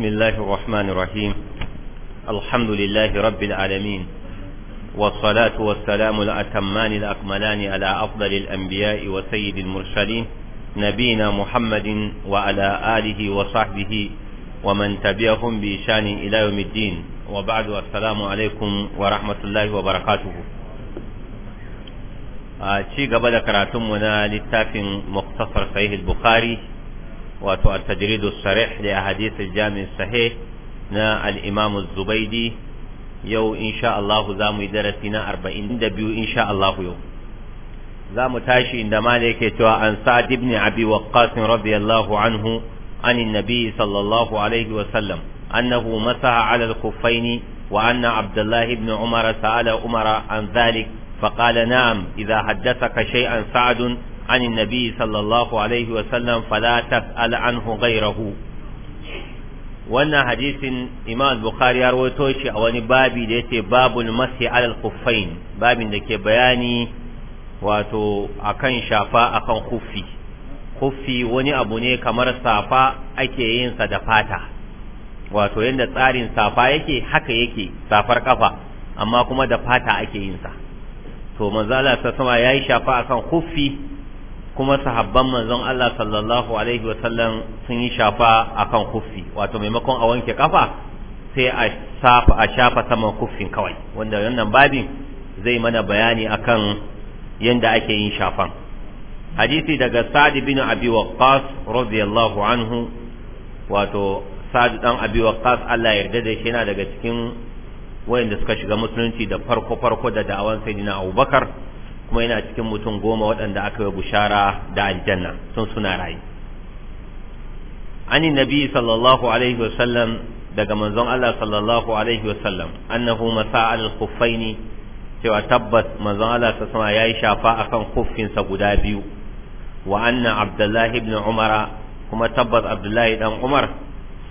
بسم الله الرحمن الرحيم الحمد لله رب العالمين والصلاة والسلام الأتمان الأكملان على أفضل الأنبياء وسيد المرسلين نبينا محمد وعلى آله وصحبه ومن تبعهم بإشان إلى يوم الدين وبعد السلام عليكم ورحمة الله وبركاته ci gaba da karatunmu na littafin muktasar sahih al-bukhari wato at-tajridu sarih li ahadith al-jami' sahih na al-imam az-zubaydi yau insha Allah za mu yi darasi na 42 insha Allah yau za mu tashi inda malik cewa an sa'd ibn abi waqqas radiyallahu anhu عن sallallahu صلى wa sallam annahu masaha مسح على الخفين وأن عبد الله بن عمر سأل عمر عن ذلك فقال نعم إذا حدثك شيئا سعد عن النبي صلى الله عليه وسلم فلا تسأل عنه غيره wannan hadisin imam bukhari ya rawaito shi a wani babi da yake babul masi alal kuffain babin da ke bayani wato akan shafa akan kuffi kuffi wani abu ne kamar safa ake yin sa da fata wato yadda tsarin safa yake haka yake safar kafa amma kuma da fata ake yin sa to maza Allah ta sama yayi shafa akan kuffi kuma sahabban manzon Allah sallallahu alaihi sun yi shafa akan kufi wato maimakon a wanke kafa sai a shafa a shafa saman kuffin kawai wanda wannan babin zai mana bayani akan yanda ake yin shafan hadisi daga Sa'd bin Abi Waqqas radiyallahu anhu wato Sa'd dan Abi Waqqas Allah ya yarda da shi yana daga cikin wayanda suka shiga musulunci da farko farko da da'awan sayyidina Abubakar kuma yana cikin mutum goma waɗanda aka yi bushara da aljanna sun suna rayu ani nabi sallallahu alaihi wasallam daga manzon Allah sallallahu alaihi wasallam annahu masa al khuffaini cewa tabbas manzon Allah ta sama yayi shafa akan kuffinsa guda biyu wa anna abdullahi ibn umara kuma tabbas abdullahi dan umar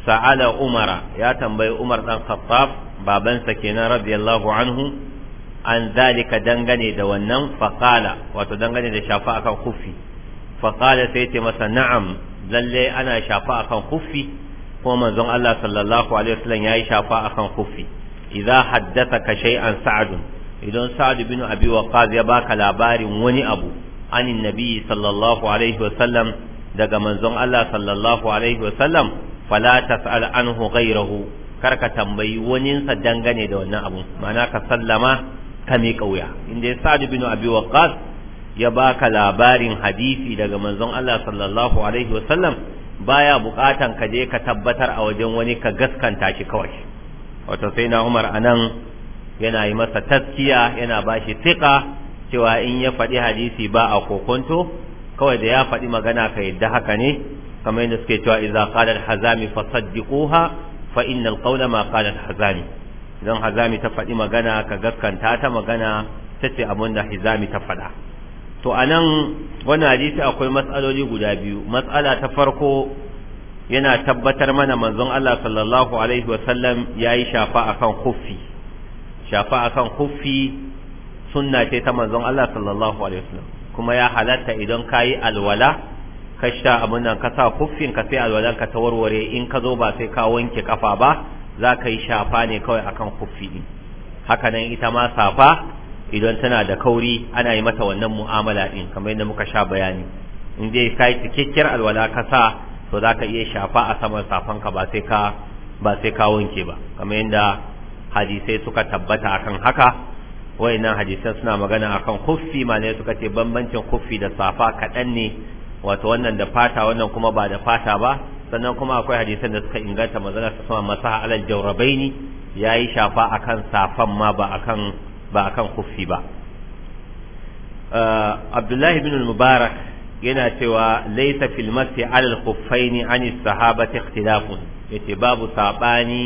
sa'ala umara ya tambayi umar dan khattab babansa kenan radiyallahu anhu an zalika dangane da wannan faƙala wato dangane da shafa akan kuffi faƙala sai ce masa na'am lalle ana shafa akan kuffi ko manzon Allah sallallahu alaihi wasallam yayi shafa akan kuffi idza haddathaka shay'an sa'd idan sa'd bin abi waqaz ya baka labarin wani abu anin nabi sallallahu alaihi wasallam daga manzon Allah sallallahu alaihi wasallam fala tas'al anhu ghayrahu karka tambayi wani sa dangane da wannan abu ma'ana ka sallama ka mai kauya inda ya sa bin abi waqas ya baka labarin hadisi daga manzon Allah sallallahu alaihi wasallam baya bukatan ka je ka tabbatar a wajen wani ka gaskanta shi kawai wato sai na Umar anan yana yi masa taskiya yana bashi tika cewa in ya faɗi hadisi ba a kokonto kawai da ya faɗi magana ka yadda haka ne kamar yadda suke cewa iza qala al-hazami fasaddiquha fa innal qawla ma qala al-hazami idan hazami ta faɗi magana ka gaskanta ta magana ta ce abin da hizami ta faɗa to a nan wani hadisi akwai matsaloli guda biyu matsala ta farko yana tabbatar mana manzon Allah sallallahu alaihi wasallam ya yi shafa akan huffi shafa akan huffi sunna ce ta manzon Allah sallallahu alaihi wasallam kuma ya halatta idan ka yi alwala ka sha abin nan ka sa huffin ka sai alwalan ka ta warware in ka zo ba sai ka wanke kafa ba za ka yi shafa ne kawai akan kuffi ɗin haka nan ita ma safa idan tana da kauri ana yi mata wannan mu'amala ɗin. kamar yadda muka sha bayani in dai ka yi cikakkiyar alwala ka sa to za ka iya shafa a saman safanka ba sai ka ba sai ka wanke ba kamar yadda hadisai suka tabbata akan haka wayannan hadisai suna magana akan kuffi ma ne suka ce bambancin kuffi da safa kaɗan ne wato wannan da fata wannan kuma ba da fata ba sannan kuma akwai hadisan da suka inganta manzon sa sama masaha alal jawrabaini yayi shafa akan safan ma ba akan ba akan kuffi ba uh, Abdullahi bin mubarak yana cewa laysa fil masi alal khuffaini an as-sahabati ikhtilafun yace babu saɓani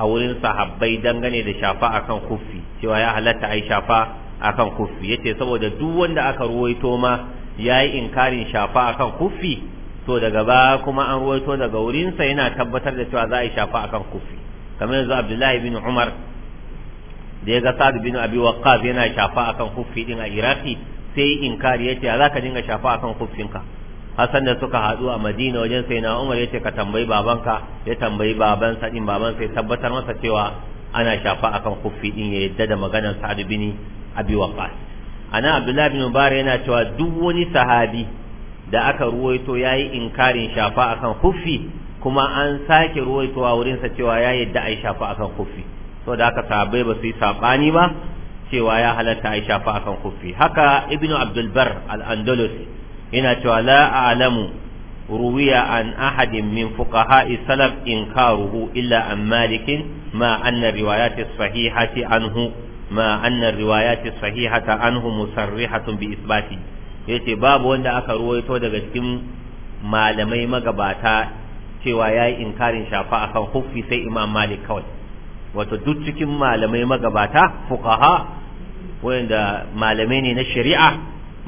a wurin sahabbai dangane da shafa akan kuffi cewa ya halatta ai shafa akan kuffi yace saboda duk wanda aka ruwaito ma yayi inkarin shafa akan kuffi to daga ba kuma an ruwaito daga wurinsa yana tabbatar da cewa za a yi shafa akan kufi kamar yanzu abdullahi bin umar da ya ga sa'ad bin abi waqqas yana shafa akan kufi din a iraki sai in inkari yace za ka dinga shafa akan kufinka hasan da suka haɗu a Madina wajen sai na Umar yace ka tambayi babanka ya tambayi babansa din baban sai tabbatar masa cewa ana shafa akan kuffi din ya yadda da maganar Sa'ad bin Abi Waqqas ana Abdullahi bin Mubarak yana cewa duk wani sahabi da aka ruwaito ya yi inkarin shafa akan huffi kuma an sake ruwaitowa wurinsa cewa ya yadda a yi shafa akan so da haka sahabbai ba su yi saɓani ba cewa ya halatta a yi shafa akan huffi haka ibnu abdulbar al-andalusi yana cewa la a'lamu ruwiya an ahadin min fuqaha'i salaf inkaruhu illa an malikin ma anna riwayati sahihati anhu ma anna riwayati sahihata anhu musarrihatun bi isbati yace babu wanda aka ruwaito daga cikin malamai magabata cewa yayi inkarin shafa akan huffi sai Imam Malik kawai wato duk cikin malamai magabata fuqaha wanda malamai ne na shari'a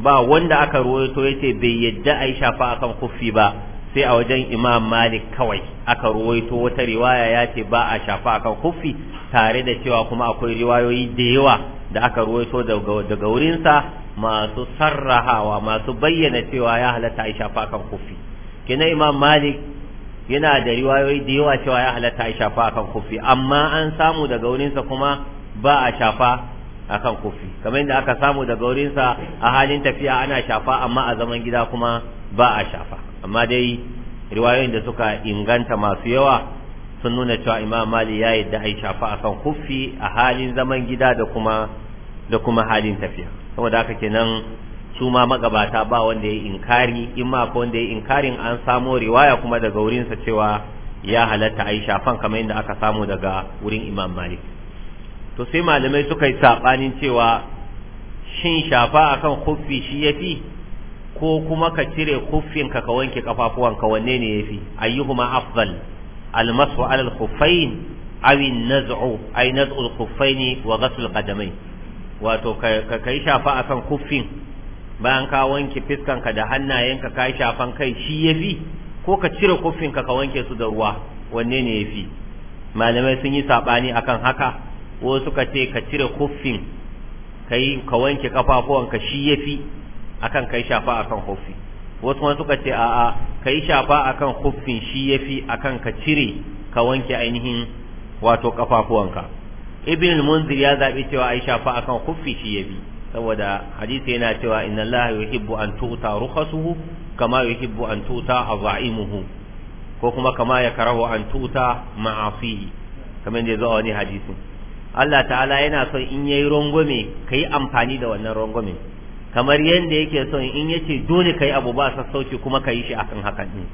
ba wanda aka ruwaito yace bai yadda ai shafa akan huffi ba sai a wajen Imam Malik kawai aka ruwaito wata riwaya yace ba a shafa akan huffi tare da cewa kuma akwai riwayoyi da yawa da aka ruwaito daga wurinsa masu sarrahawa masu bayyana cewa ya halatta a shafa kan kufi kina imam malik yana da riwayoyi da yawa cewa ya halatta a shafa kan kufi amma an samu daga wurinsa kuma ba a shafa akan kufi kamar yadda aka samu daga wurinsa a halin tafiya ana shafa amma a zaman gida kuma ba a shafa amma dai riwayoyin da suka inganta masu yawa sun nuna cewa imam Malik ya yadda a shafa akan kufi a halin zaman gida da kuma da kuma halin tafiya saboda haka kenan su ma magabata ba wanda ya inkari in ma ko wanda ya inkarin an samo riwaya kuma daga wurinsa cewa ya halatta a yi shafan kamar yadda aka samu daga wurin imam malik to sai malamai suka yi saɓanin cewa shin shafa akan kuffi shi yafi ko kuma ka cire kuffin ka ka wanke ka wanne ne ya fi ayyuhuma afdal almasu alal alkhuffain aw an-naz'u ay naz'u alkhuffaini wa ghasl alqadamain wato ka kai shafa akan kuffin bayan ka wanke fiskanka da hannayenka ka yi shafan kai shi ya fi ko ka cire kuffinka ka wanke su da ruwa wanne ne ya fi malamai sun yi saɓani akan haka wasu suka ce ka cire kuffin ka ka wanke kafafuwanka shi ya fi akan ka yi shafa akan kuffi wasu kuma suka ce a'a ka yi shafa akan kuffin shi ya fi akan ka cire ka wanke ainihin wato kafafuwanka ibn al-munzir ya zabi cewa aisha shafa akan kuffi shi yabi saboda hadisi yana cewa inna allaha yuhibbu an tuta rukhasuhu kama yuhibbu an tuta azaimuhu ko kuma kama ya karahu an tuta ma'afi kamar da zo wani hadisi Allah ta'ala yana son in yayi rongome kai amfani da wannan rongome kamar yanda yake son in yace dole kai abu ba sassauci kuma kai shi akan hakan din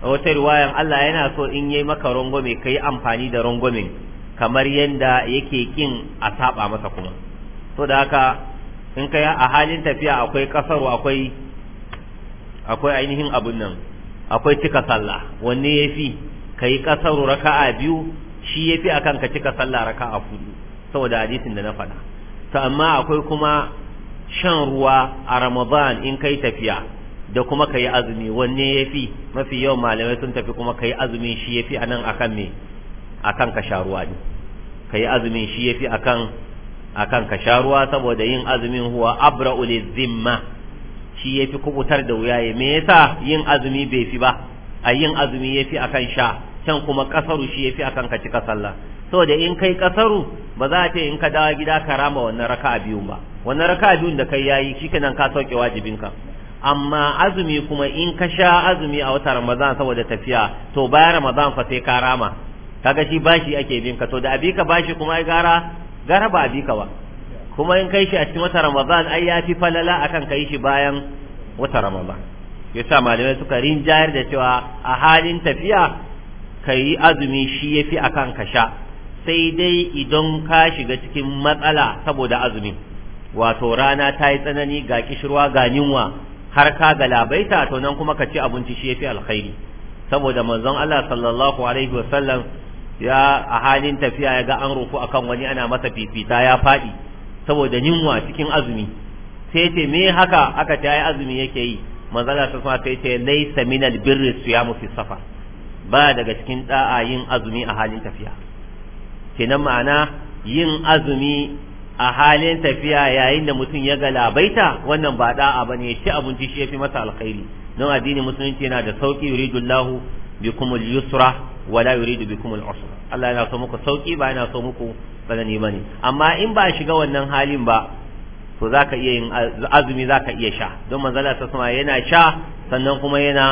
a wata riwayan Allah yana so in yayi maka rongome kai amfani da rongomen kamar yadda yake kin a saba masa kuma to da haka in kai a halin tafiya akwai kasaro akwai akwai ainihin abun nan akwai cika sallah wanne yafi kai kasaro raka'a biyu shi yafi akan ka cika sallah raka'a hudu saboda hadisin da na faɗa to amma akwai kuma shan ruwa a Ramadan in kai tafiya da kuma kai azumi wanne yafi mafi yawan malamai sun tafi kuma kai azumi shi yafi anan akan me akan ka sha ruwa ka kai azumin shi yafi akan akan ka sha ruwa saboda yin azumin huwa abra'u lizimma shi yafi kubutar da wuyaye me yasa yin azumi bai fi ba a yin azumi yafi akan sha can kuma kasaru shi yafi akan ka cika sallah saboda in kai kasaru ba za a ce in ka dawo gida ka rama wannan raka'a biyun ba wannan raka'a biyun da kai yayi nan ka sauke wajibinka amma azumi kuma in ka sha azumi a watan Ramadan saboda tafiya to bayan Ramadan fa sai ka rama kaga shi bashi ake bin ka to da ka bashi kuma ai gara gara ba ka ba kuma in kai shi a cikin wata ramadan ai ya fi falala akan kai shi bayan wata ramadan yasa malamai suka rinjayar da cewa a halin tafiya kai azumi shi yafi akan ka sha sai dai idan ka shiga cikin matsala saboda azumin wato rana ta yi tsanani ga kishirwa ga ninwa, har ka labaita to nan kuma ka ci abinci shi yafi alkhairi saboda manzon Allah sallallahu alaihi wasallam ya a halin tafiya ya ga an rufu akan wani ana masa fifita ya faɗi saboda yunwa cikin azumi sai ce me haka aka ta yi azumi yake yi manzala ta sama sai ce laisa minal birri siyamu fi safar ba daga cikin da'a yin azumi a halin tafiya kenan ma'ana yin azumi a halin tafiya yayin da mutum ya ga labaita wannan ba da'a bane ya ci abinci shi fi masa alkhairi don addinin musulunci yana da sauki yuridullahu bikum al-yusra wa la yuridu bikum al-usra Allah yana so muku sauki ba yana so muku tsanani bane amma in ba shiga wannan halin ba to zaka iya yin azumi zaka iya sha don manzala ta sama yana sha sannan kuma yana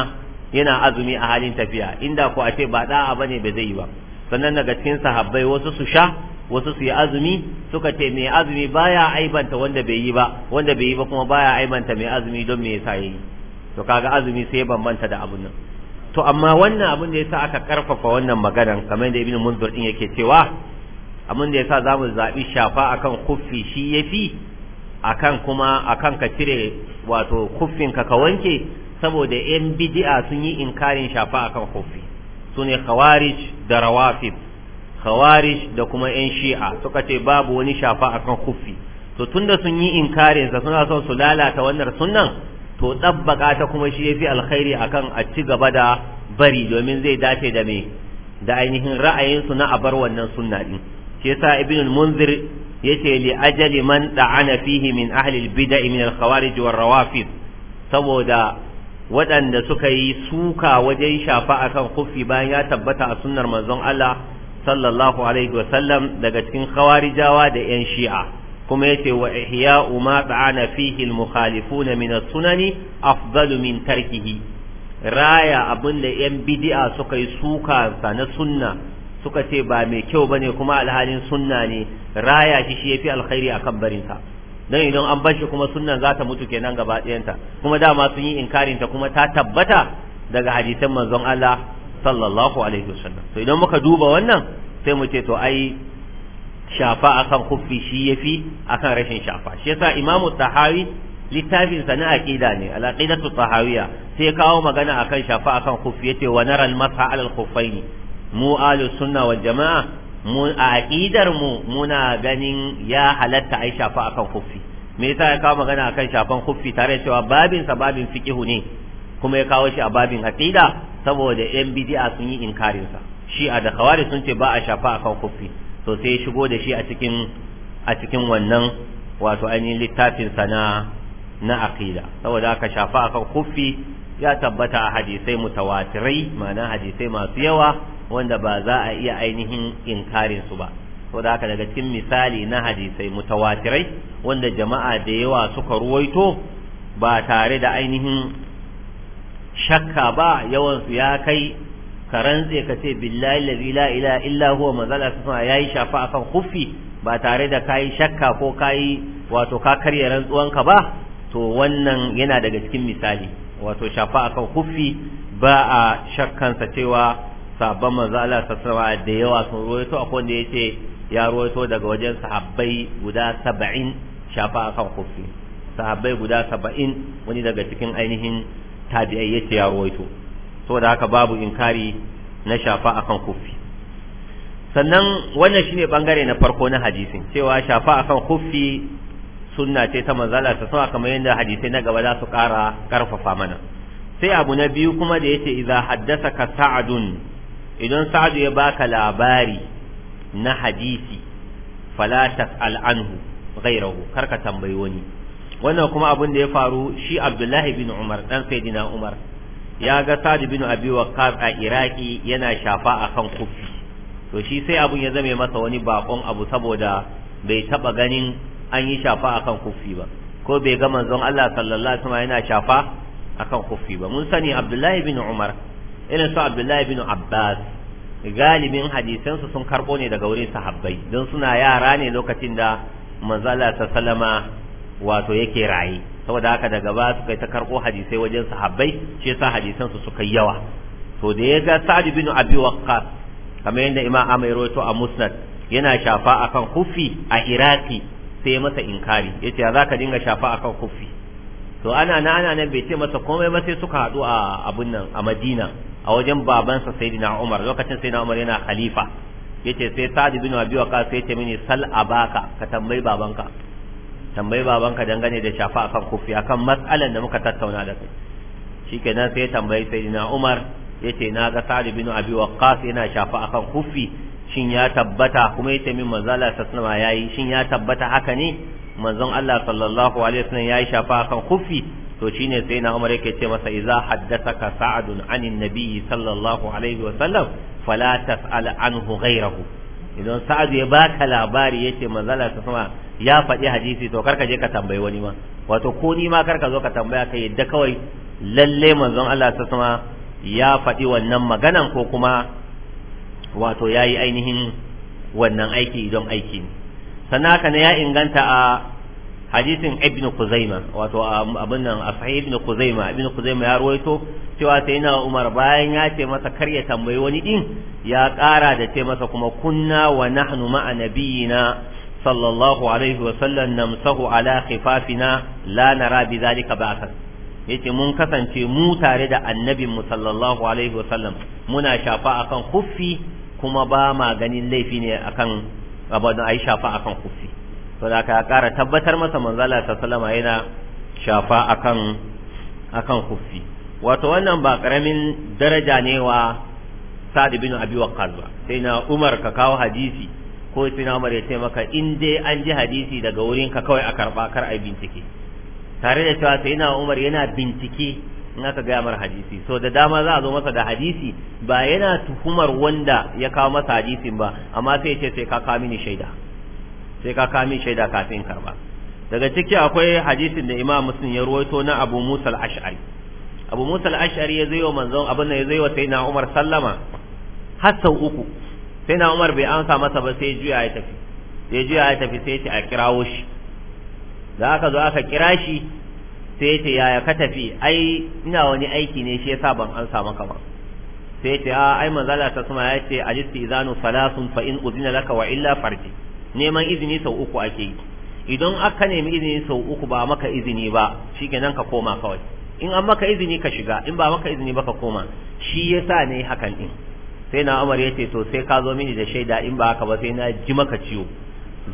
yana azumi a halin tafiya inda ko a ce ba da'a bane ba zai yi ba sannan daga cikin sahabbai wasu su sha wasu su yi azumi suka ce mai azumi baya aibanta wanda bai yi ba wanda bai yi ba kuma baya aibanta mai azumi don me yasa yayi to kaga azumi sai bambanta da abun nan to amma wannan abin da yasa aka karfafa wannan maganan kamar da ibnu munzur din yake cewa abin da yasa zamu zabi shafa akan kuffi shi yafi akan kuma akan ka cire wato kuffin ka ka wanke saboda yan bid'a sun yi inkarin shafa akan kuffi sune khawarij da rawafid khawarij da kuma yan shi'a suka ce babu wani shafa akan kuffi to tunda sun yi inkarin sa suna son su lalata wannan sunnan to tsabbaka ta kuma shi ya fi alkhairi akan a ci gaba da bari domin zai dace da me da ainihin ra'ayinsu na abar wannan sunna din shi yasa ibn al-munzir yace li ajali man da'ana fihi min ahli al-bid'ah min al-khawarij rawafid saboda waɗanda suka yi suka wajen shafa akan kufi bayan ya tabbata a sunnar manzon Allah sallallahu alaihi daga cikin khawarijawa da yan shi'a kuma yace wa ihya'u ma ta'ana fihi al-mukhalifuna min as-sunani afdalu min tarkihi raya abinda yan bid'a suka yi suka sa na sunna suka ce ba mai kyau bane kuma alhalin sunna ne raya shi shi yafi alkhairi akan barinta dan idan an bar shi kuma sunnan za ta mutu kenan gaba ɗayanta kuma dama sun yi inkarin ta kuma ta tabbata daga hadisan manzon Allah sallallahu alaihi wasallam to idan muka duba wannan sai mu ce to ai shafa akan kufi shi yafi akan rashin shafa shi yasa imamu tahawi littafin sa na aqida ne al-aqidatu tahawiyya sai kawo magana akan shafa akan khuffi yace wa naral masha al-khuffaini mu sunna wal jamaa mu a aqidar mu muna ganin ya halatta ai shafa akan khuffi me yasa ya kawo magana akan shafan kufi tare da cewa babin sa babin fiqhu ne kuma ya kawo shi a babin aqida saboda yan bid'a sun yi inkarin sa shi a da khawari sun ce ba a shafa akan kufi Sosai sai ya shigo da shi a cikin wannan wato ainihin littafinsa na na aqida saboda aka shafa aka kuffi ya tabbata a hadisai mutawatirai ma'ana hadisai masu yawa wanda ba za a iya ainihin inkarin su ba saboda haka daga cikin misali na hadisai mutawatirai wanda jama'a da yawa suka ruwaito ba tare da ainihin shakka ba yawansu ya kai ka rantse ka ce billahi allazi la ilaha illa huwa manzala ya yi shafa akan khuffi ba tare da kai shakka ko kai wato ka karya ka ba to wannan yana daga cikin misali wato shafa akan khuffi ba a shakkan sa cewa sabban manzo Allah sallallahu da yawa sun ruwaito akwai wanda yace ya ruwaito daga wajen sahabbai guda 70 shafa akan khuffi sahabbai guda 70 wani daga cikin ainihin tabi'ai yace ya ruwaito saboda haka babu inkari na shafa akan kufi sannan wannan shine bangare na farko na hadisin cewa shafa akan kufi sunna ce ta manzala ta sama kamar yadda hadisai na gaba za su kara karfafa mana sai abu na biyu kuma da yace idza haddasa ka sa'adun idan sa'adu ya baka labari na hadisi fala tas'al anhu ghayrahu karka tambayi wani wannan kuma abin da ya faru shi Abdullahi bin Umar dan saidina Umar ya ga Sadi bin Abi Waqqas a Iraki yana shafa a kan kufi to shi sai abun ya zame masa wani bakon abu saboda bai taba ganin an yi shafa a kan kufi ba ko bai ga manzon Allah sallallahu alaihi yana shafa a kan kufi ba mun sani Abdullahi bin Umar irin su Abdullahi bin Abbas galibin hadisansu sun karbo ne daga wurin sahabbai don suna yara ne lokacin da manzon Allah sallallahu alaihi wato yake raye saboda haka daga ba suka yi ta karko hadisai wajen sahabbai shi yasa hadisan su suka yawa to da ya ga Sa'd bin Abi Waqqas kamar yadda Imam Ahmad rawaito a Musnad yana shafa akan kufi a Iraki sai ya masa inkari yace ya zaka dinga shafa akan kufi to ana na ana nan bai ce masa komai ba sai suka haɗu a abun nan a Madina a wajen babansa Sayyidina Umar lokacin Sayyidina Umar yana khalifa yace sai Sa'd bin Abi Waqqas sai ya ce mini sal abaka ka tambayi babanka tambayi babanka dangane da shafa akan kufi akan matsalan da muka tattauna da kai shikenan sai tambayi sayyidina Umar yace na ga Sa'd bin Abi Waqqas yana shafa akan kufi shin ya tabbata kuma yace min manzo Allah sallallahu alaihi yayi shin ya tabbata haka ne manzon Allah sallallahu alaihi wasallam yayi shafa akan kufi to shine sai na Umar yake ce masa idza haddathaka Sa'd anin nabiy sallallahu alaihi wasallam fala tas'al anhu ghayrahu idan Sa'd ya baka labari yace manzo Allah sallallahu ya faɗi hadisi to karka je ka tambayi wani ma wato ko ni ma karka zo ka tambaya ka yadda kawai lalle manzon Allah ta sama ya faɗi wannan maganan ko kuma wato yayi ainihin wannan aiki don aiki sannan haka ne ya inganta a hadisin ibnu kuzaima wato abin nan a sahih ibnu kuzaima ibn kuzaima ya ruwaito cewa sai na umar bayan ya ce masa kar ya tambayi wani din ya ƙara da ce masa kuma kunna wa nahnu ma'a nabiyina صلى الله عليه وسلم نمسه على خفافنا لا نرى بذلك بأسا yace mun kasance mu tare da annabin mu sallallahu alaihi wasallam muna shafa akan kuffi kuma ba ma ganin laifi ne akan abin ai shafa akan kuffi to da ka kara tabbatar masa manzala sallallahu yana shafa akan akan kuffi wato wannan ba karamin daraja ne wa Sa'd ibn Abi Waqqas ba sai na Umar ka kawo hadisi ko tuna Umar ya ce maka in dai an ji hadisi daga wurin ka kawai a karba kar a bincike tare da cewa sai na Umar yana bincike in aka ga mar hadisi so da dama za a zo masa da hadisi ba yana tuhumar wanda ya kawo masa hadisin ba amma sai ya ce sai ka kawo mini shaida sai ka kawo mini shaida kafin karba daga ciki akwai hadisin da Imam Muslim ya ruwaito na Abu Musa al-Ash'ari Abu Musa al-Ash'ari ya zai wa manzon abin da ya zai wa Sayyidina Umar sallama har uku sai na umar bai amsa masa ba sai juya ya tafi sai juya ya tafi sai ce a kirawo shi da aka zo aka kira shi sai ce yaya ka tafi ai ina wani aiki ne shi yasa ban amsa maka ba sai ce a ah, ai manzala ta suma ya ce izanu salasun fa in udina laka wa illa farji neman izini sau uku ake yi idan aka nemi izini sau uku ba maka izini ba shikenan ka koma kawai in an maka izini ka shiga in ba maka izini ba ka koma shi yasa ne hakan din sai na umar ya ce to sai ka zo mini da shaida in ba haka ba sai na ji maka ciwo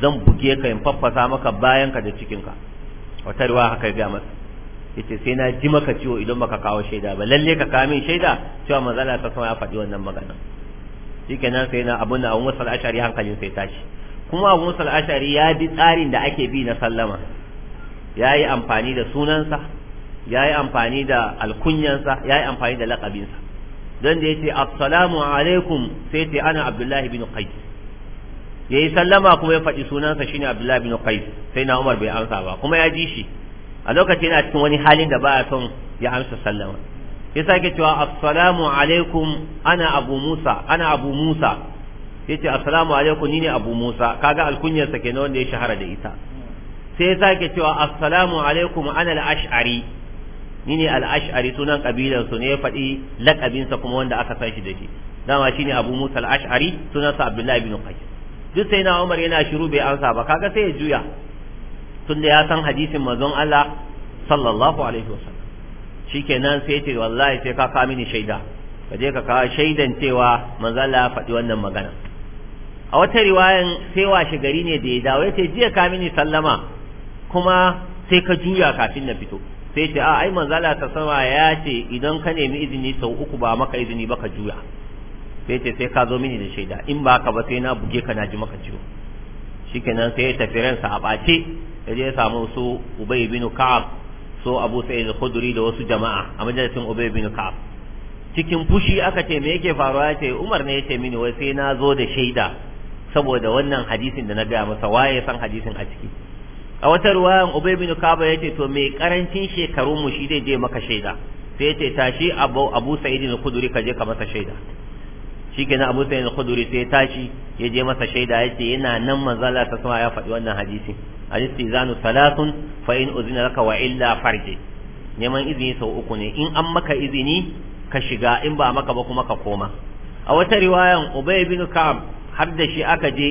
zan buge ka in faffasa maka bayan ka da cikinka wata ruwa haka ya gama masa yace sai na ji maka ciwo idan maka kawo shaida ba lalle ka kawo min shaida cewa manzala ta sama ya faɗi wannan magana shikenan sai na abun da Abu musal ashari hankalin sai tashi kuma Abu musal ashari ya bi tsarin da ake bi na sallama yayi amfani da sunansa yayi amfani da alkunyansa yayi amfani da laƙabinsa Don da yace assalamu alaikum sai ce ana abdullahi bin qais yi sallama kuma ya faɗi sunansa shine abdullahi bin qais sai na umar bai amsa ba kuma ya ji shi a lokaci yana cikin wani halin da ba a son ya amsa sallama ya yake cewa assalamu alaikum ana abu musa ana abu musa yace assalamu alaikum ni ne abu musa kaga alkunyarsa kenan wanda ya shahara da ita sai ya sake cewa assalamu alaikum ana al-ash'ari ni ne al-ash'ari sunan kabilar su ne ya faɗi lakabinsa kuma wanda aka san shi da shi dama shine abu musa al sunan sa abdullahi ibn qais duk sai na umar yana shiru bai ansa ba kaga sai ya juya tunda ya san hadisin manzon Allah sallallahu alaihi wasallam shikenan sai ce wallahi sai ka kawo mini shaida ka je ka kawo shaidan cewa manzon Allah ya faɗi wannan magana a wata riwayan sai washe gari ne da ya dawo ya ce jiya ka mini sallama kuma sai ka juya kafin na fito sai ce a ai manzala ta sama ya ce idan ka nemi izini sau uku ba maka izini ba ka juya sai ce sai ka zo mini da shaida in ba ka ba sai na buge ka na ji maka ciwo shikenan sai ya tafi ransa a ɓace ya je ya samu su ubay bin ka'ab so abu sa'id al-khudri da wasu jama'a a majalisin ubay bin ka'ab cikin fushi aka ce me yake faruwa ya ce umar ne ya ce mini wai sai na zo da shaida saboda wannan hadisin da na gaya masa waye san hadisin a ciki a wata ruwayan ubay bin kaba yace to mai karancin shekaru mu shi zai je maka shaida sai yace tashi abu abu sa'id al-khudri ka je ka masa shaida shikenan abu sa'id al-khudri sai tashi ya je masa shaida yace yana nan manzo ta sama ya faɗi wannan hadisi hadisi zanu salatun fa in uzina laka wa illa farji neman izini sau uku ne in an maka izini ka shiga in ba maka ba kuma ka koma a wata riwayan ubay bin kab har da shi aka je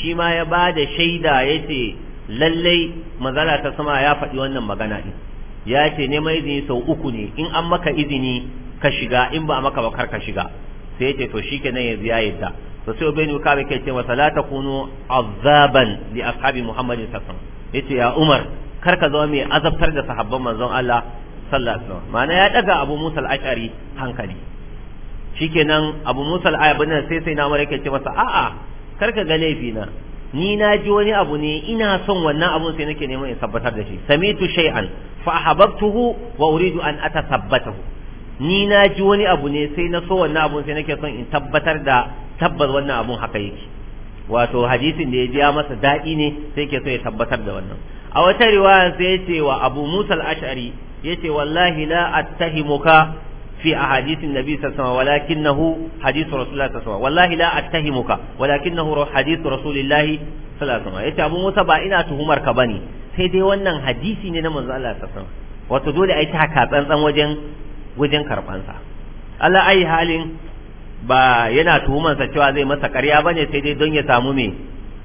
shi ma ya bada shaida yace lallai manzala ta sama ya faɗi wannan magana din ya ce neman izini sau uku ne in an maka izini ka shiga in ba a maka ba kar ka shiga sai ya ce to shi shikenan yanzu ya yadda to sai ubay ne kabe ke ce masa la takunu azaban li ashabi muhammadin sallallahu Ya ce ya umar kar ka zama mai azabtar da sahabban manzon Allah sallallahu alaihi ma'ana ya daga abu musa al-ashari hankali shikenan abu musa al-ayyabi sai sai na umar ke ce masa a'a kar ka ga laifi na ni na ji wani abu ne ina son wannan abun sai nake neman in tabbatar da shi samitu shay'an fa ahbabtuhu wa uridu an atathabbatahu ni na ji wani abu ne sai na so wannan abun sai nake son in tabbatar da tabbas wannan abun haka yake wato hadisin da ya ji masa daɗi ne sai ke so ya tabbatar da wannan a wata riwaya sai ya ce wa abu musa al-ash'ari ya ce wallahi la attahimuka في أحاديث النبي صلى الله عليه وسلم ولكنه حديث رسول الله صلى الله عليه وسلم والله لا أتهمك ولكنه حديث رسول الله صلى الله عليه وسلم يتي أبو موسى بائنا تهمر كبني سيدي ونن حديثي ننا من الله صلى الله عليه وسلم وتدول أي تحكى تنسان وجن وجن كربانسا على أي حال ba yana tuhumansa cewa zai masa ƙarya bane sai dai don ya samu me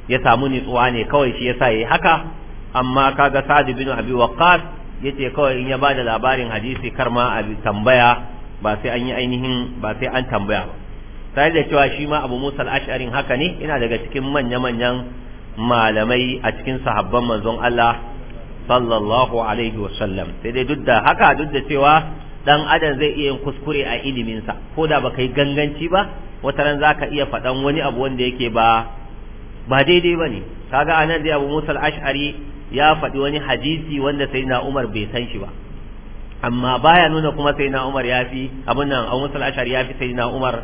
ya samu nitsuwa ne kawai shi yasa yayi haka amma kaga Sa'd bin Abi Waqqas yace kawai in ya bada labarin hadisi karma abi tambaya ba sai an yi ainihin ba sai an tambaya ba sai da cewa shi ma abu musa al'asharin haka ne yana daga cikin manya-manyan malamai a cikin sahabban manzon Allah sallallahu alaihi wasallam sai dai duk da haka duk da cewa dan adam zai iya yin kuskure a iliminsa ko da baka yi ganganci ba wata ran zaka iya faɗan wani abu wanda yake ba ba daidai ba ne kaga anan dai abu musa al'ashari ya faɗi wani hadisi wanda sai na umar bai san shi ba amma baya nuna kuma sai na Umar yafi abin nan a Musa al-Ashari yafi sai na Umar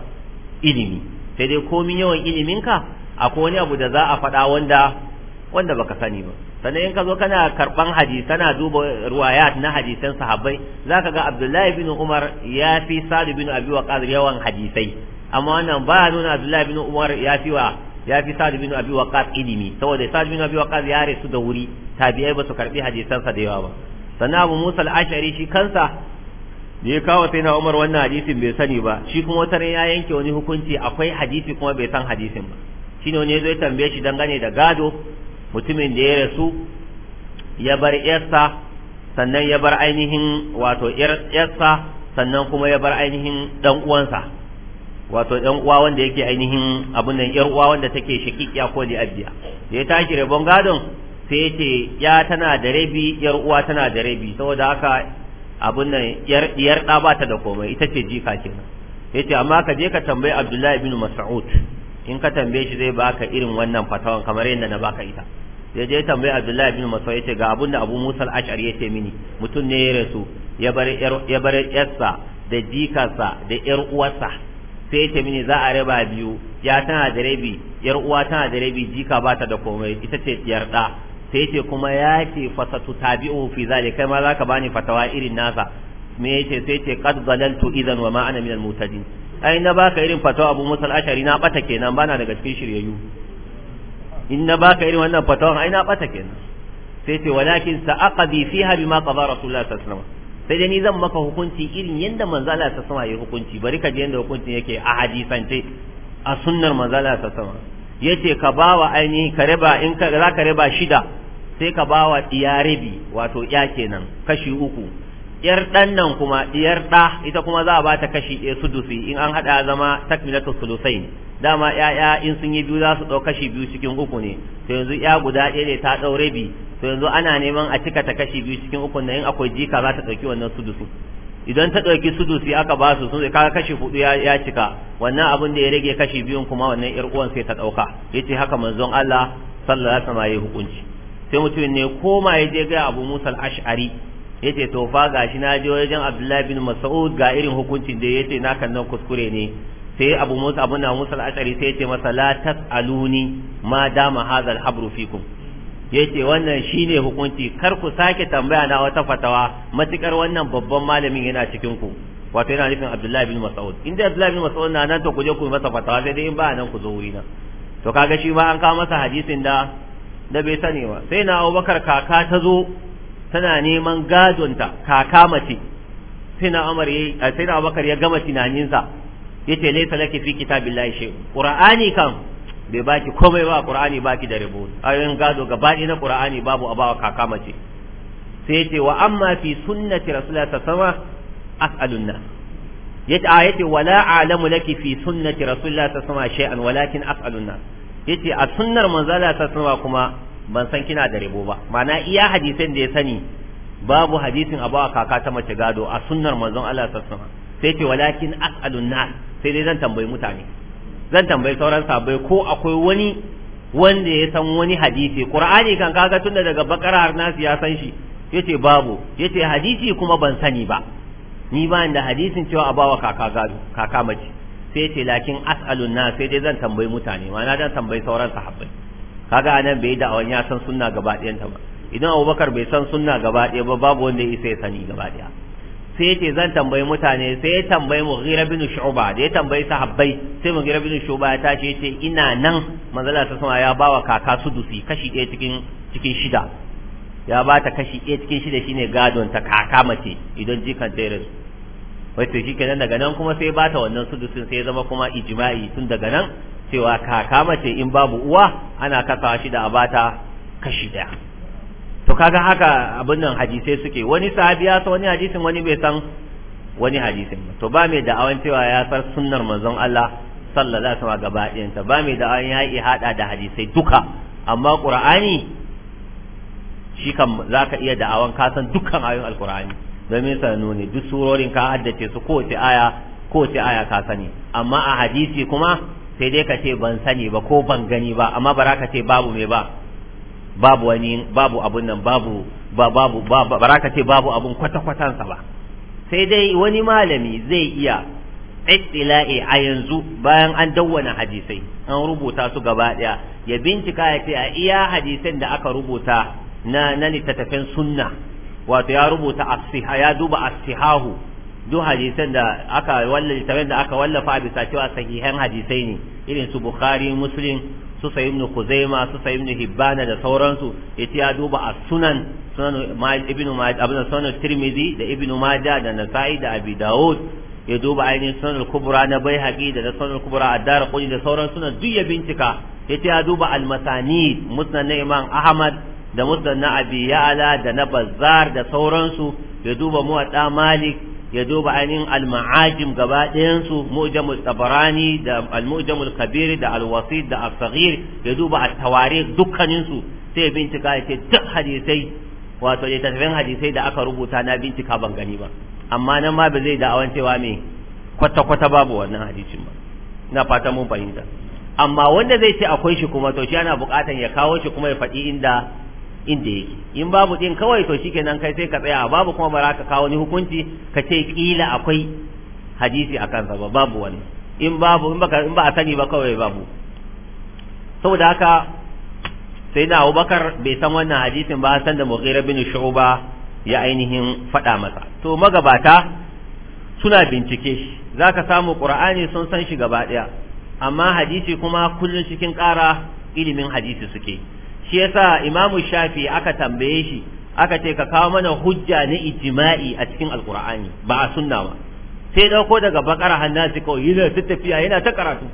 ilimi sai dai komin yawan iliminka akwai wani abu da za a faɗa wanda wanda baka sani ba sannan in ka zo kana karban hadisi kana duba ruwayat na hadisan sahabbai zaka ga Abdullahi bin Umar ya fi Sa'd bin Abi Waqqas yawan hadisai amma wannan ba nuna Abdullahi bin Umar ya fi wa ya fi sadu bin Abi Waqqas ilimi saboda sadu bin Abi Waqqas ya rasu da wuri tabi'ai ba su karbi hadisan sa da yawa ba sannan abu musa al'ashari shi kansa da ya kawo sai na umar wannan hadisin bai sani ba shi kuma wata ya yanke wani hukunci akwai hadisi kuma bai san hadisin ba shi ne wani ya zo ya tambaye shi dangane da gado mutumin da ya rasu ya bar yarsa sannan ya bar ainihin wato yarsa sannan kuma ya bar ainihin dan uwansa wato dan uwa wanda yake ainihin abun nan yar uwa wanda take shakikiya ko da abiya da ya tashi rabon gadon sai yace ya tana da rabi yar uwa tana da rabi saboda haka abun nan yar yar da ba ta da komai ita ce jika kenan yace amma ka je ka tambayi Abdullahi ibn Mas'ud in ka tambaye shi zai baka irin wannan fatawan kamar yadda na baka ita sai je tambayi Abdullahi ibn Mas'ud yace ga abun da Abu Musa al-Ash'ari yace mini mutum ne ya rasu ya bar ya bar yarsa da jikarsa da yar uwarsa sai yace mini za a raba biyu ya tana da rabi yar uwa tana da rabi jika ba ta da komai ita ce 'yar da sai yace kuma ya ce fasatu tabi'u fi zalika kai ma zaka bani fatawa irin nasa me yace sai yace qad zalaltu idan wa ma ana minal mutadin ai na baka irin fatawa Abu musal ashari na bata kenan bana daga cikin shiryayyu in na baka irin wannan fatawa ai na bata kenan sai yace walakin sa'aqadi fiha bima qada rasulullah sallallahu alaihi wasallam sai dai ni zan maka hukunci irin yadda manzo Allah ta sama yayi hukunci bari ka je yadda hukuncin yake a hadisance a sunnar manzo Allah ta sama yace ka bawa ainihi ka riba in ka za ka riba shida sai ka bawa ɗiya rabi wato ya kenan kashi uku yar ɗan nan kuma ɗiyar ɗa ita kuma za a ba ta kashi ɗaya sudusi in an haɗa zama takmilatu sulusain dama ya'ya in sun yi biyu za su ɗau kashi biyu cikin uku ne to yanzu ya guda ɗaya ne ta ɗau rabi to yanzu ana neman a cika ta kashi biyu cikin uku na in akwai jika za ta ɗauki wannan sudusu idan ta ɗauki sudusi aka ba su sun kaga kashi hudu ya, cika wannan abin da ya rage kashi biyun kuma wannan ƴar uwan sai ta ɗauka yace haka manzon Allah sallallahu alaihi sallam ya hukunci sai mutumin ne koma ya je gaya Abu Musa al-Ash'ari yace to fa gashi na je wajen abdullahi bin Mas'ud ga irin hukuncin da ya ce na kan nan kuskure ne sai Abu Musa Abu na Musa al-Ash'ari sai yace masa la tasaluni ma dama hadha al-habru fikum yace wannan shi ne hukunci kar ku sake tambaya na wata fatawa matukar wannan babban malamin yana cikin ku wato yana nufin abdullahi bin Mas'ud inda abdullahi bin Mas'ud na nan to ku je ku masa fatawa sai dai in ba nan ku zo wurina to kaga shi ma an kawo masa hadisin da da bai sani ba sai na abubakar kaka ta zo tana neman gadonta kaka mace sai na umar ya sai na abubakar ya gama tunaninsa yace laysa laki fi kitabillahi shi qur'ani kan bai baki komai ba qur'ani baki da rubu ayoyin gado gabaɗi na qur'ani babu abawa kaka mace sai yace wa amma fi sunnati rasulullahi sallallahu alaihi wasallam as'alun nas yace a yace wala a'lamu laki fi sunnati rasulullahi sallallahu alaihi wasallam shay'an walakin as'alun nas yace a sunnar manzala ta sunwa kuma ban san kina da rebo ba ma'ana iya hadisin da ya sani babu hadisin a bawa kaka ta mace gado a sunnar manzon Allah ta sunwa sai ce walakin as'alun nas sai dai zan tambayi mutane zan tambayi sauran sabai ko akwai wani wanda ya san wani hadisi qur'ani kan kaga tunda daga bakara har nasu ya san shi yace babu yace hadisi kuma ban sani ba ni ba da hadisin cewa a bawa kaka gado kaka mace sai ce lakin as'alun na sai dai zan tambayi mutane na dan tambayi sauran sahabbai kaga anan bai da awan ya san sunna gaba ɗayan ta ba idan Abubakar bai san sunna gaba ɗaya ba babu wanda ya isa ya sani gaba ɗaya sai ce zan tambayi mutane sai ya tambayi Mughira bin Shu'ba da ya tambayi sahabbai sai Mughira bin Shu'ba ya tashi ce ina nan manzala ta sama ya bawa kaka su dusi kashi ɗaya cikin cikin shida ya bata kashi ɗaya cikin shida shine gadon ta kaka mace idan jikan ta rasu wai to nan daga nan kuma sai bata wannan sudusin sai zama kuma ijma'i tun daga nan cewa kaka mace in babu uwa ana kasa shi da abata kashi daya to kaga haka abin nan hadisai suke wani ya san wani hadisin wani bai san wani hadisin to ba mai da'awan cewa ya san sunnar manzon Allah sallallahu alaihi wasallam gaba ta ba mai da'awan ya yi hada da hadisai duka amma qur'ani shi kan zaka iya da'awan ka san dukkan ayoyin alqur'ani domin sanu nuni duk surorin ka haddace su kowace aya kowace aya ka sani amma a hadisi kuma sai dai ka ce ban sani ba ko ban gani ba amma bara ka ce babu me ba babu wani babu abun nan babu ba babu bara ce babu abun kwata kwatansa ba sai dai wani malami zai iya ittila'i a yanzu bayan an dawwana hadisai an rubuta su gaba daya ya bincika ya ce a iya hadisan da aka rubuta na na littattafan sunna wato ya rubuta asiha ya duba asihahu duk hadisan da aka wallafa tarin da aka wallafa a bisa cewa sahihan hadisai ne irin su bukhari muslim su sayi ibn kuzaima su sayi ibn hibbana da sauransu yace ya duba as-sunan sunan ibn majah abin sunan tirmidhi da ibn majah da nasa'i da abi daud ya duba ainihin sunan al kubra na baihaqi da sunan al kubra ad-darqutni da sauran sunan duk ya bincika yace ya duba al-masanid musnad na imam ahmad da Musa na abi ya'la da na Bazar da sauransu ya duba muwatta malik ya duba ainihin al-ma'ajim gaba ɗayansu mu'jamul tabarani da al-mu'jamul kabir da al wasid da al-saghir ya duba at-tawari dukkaninsu sai bincika ya ce duk hadisai wato littattafan hadisai da aka rubuta na bincika ban gani ba amma nan ma ba zai da'awan cewa me kwata-kwata babu wannan hadisin ba ina fata mun fahimta amma wanda zai ce akwai shi kuma to shi ana buƙatan ya kawo shi kuma ya faɗi inda inda yake in babu din kawai to shikenan kai sai ka tsaya babu kuma ba ka kawo ni hukunci ka ce kila akwai hadisi akan kansa ba babu wani in babu in ba a sani ba kawai babu saboda haka sai na Abubakar bai san wannan hadisin ba san da Mughira bin Shu'ba ya ainihin faɗa masa to magabata suna bincike shi zaka samu Qur'ani sun san shi gaba daya amma hadisi kuma kullun cikin ƙara ilimin hadisi suke shi yasa imamu shafi aka tambaye shi aka ce ka kawo mana hujja na ijima'i a cikin alkur'ani ba a sunna ba sai dauko daga bakara hannasi kawai yana ta tafiya yana ta karatu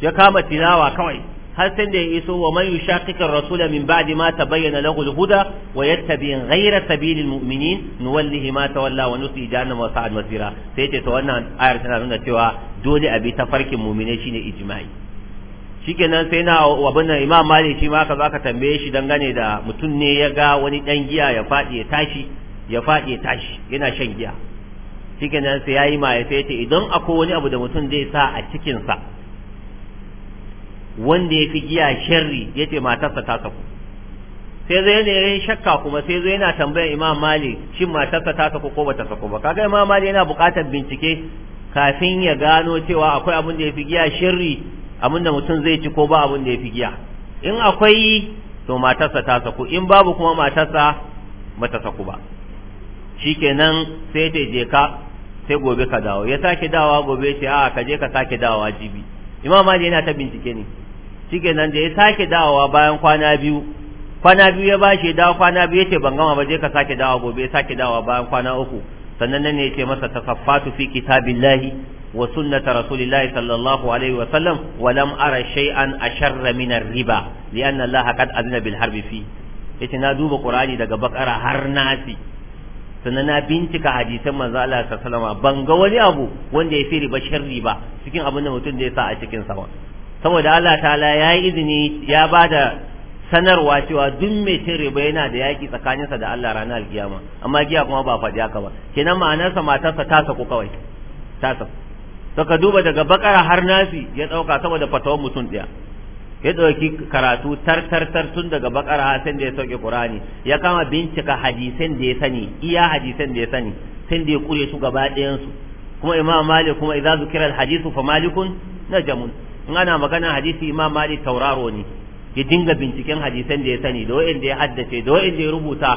ya kama tilawa kawai har sai da ya iso wa man yushaqiqa rasula min ba'di ma tabayyana lahu al-huda wa yattabi ghayra sabilil mu'minin nuwallihi ma tawalla wa nusi jahannama sa'ad masira sai ce to wannan ayar tana nuna cewa dole a bi tafarkin mu'mine shine ijma'i shikenan sai na abin nan imam malik shi ma ka zaka tambaye shi dangane da mutum ne ya ga wani dan giya ya fadi ya tashi ya fadi ya tashi yana shan giya shikenan sai yayi ma ya sai idan akwai wani abu da mutum zai sa a cikin sa wanda ya fi giya sharri yace matarsa ta saku sai zai ne yayin shakka kuma sai zai yana tambayar imam malik shin matarsa ta saku ko bata saku ba kaga imam malik yana buƙatar bincike kafin ya gano cewa akwai abin da ya fi giya sharri abin da mutum zai ci ko ba abin da ya fi giya in akwai to matarsa ta saku in babu kuma matarsa ba ta saku ba kenan sai ta je ka sai gobe ka dawo ya sake dawa gobe ce a ka je ka sake dawa jibi imam ma yana ta bincike ne kenan da ya sake dawa bayan kwana biyu kwana biyu ya bashi ya dawo kwana biyu yace ban gama ba je ka sake dawa gobe ya sake dawa bayan kwana uku sannan nan ne yace masa tasaffatu fi kitabillahi wa sunnata rasulillahi sallallahu alaihi wa sallam wa lam ara shay'an asharra min ar-riba lianna Allah qad adna bil harbi fi yace na duba qur'ani daga bakara har nasi sannan na bincika hadisan manzo Allah sallallahu alaihi ban ga wani abu wanda ya fi riba sharri ba cikin abin da mutum zai sa a cikin sa saboda Allah ta'ala ya yi izini ya ba da sanarwa cewa duk mai cin riba yana da yaƙi tsakaninsa da Allah ranar alkiyama amma giya kuma ba faɗi haka ba kenan ma'anarsa matarsa ta sako kawai ta sako saka duba daga bakara har nasi ya dauka saboda fatawan mutum daya ya dauki karatu tar tar tar tun daga bakara har sai da ya sauke qur'ani ya kama bincika hadisan da ya sani iya hadisan da ya sani sai da ya kure su gaba ɗayan su kuma imam malik kuma idza zukira fa malikun najamun in ana magana hadisi imam malik tauraro ne ya dinga binciken hadisan da ya sani da wa'in da ya haddace da wa'in da ya rubuta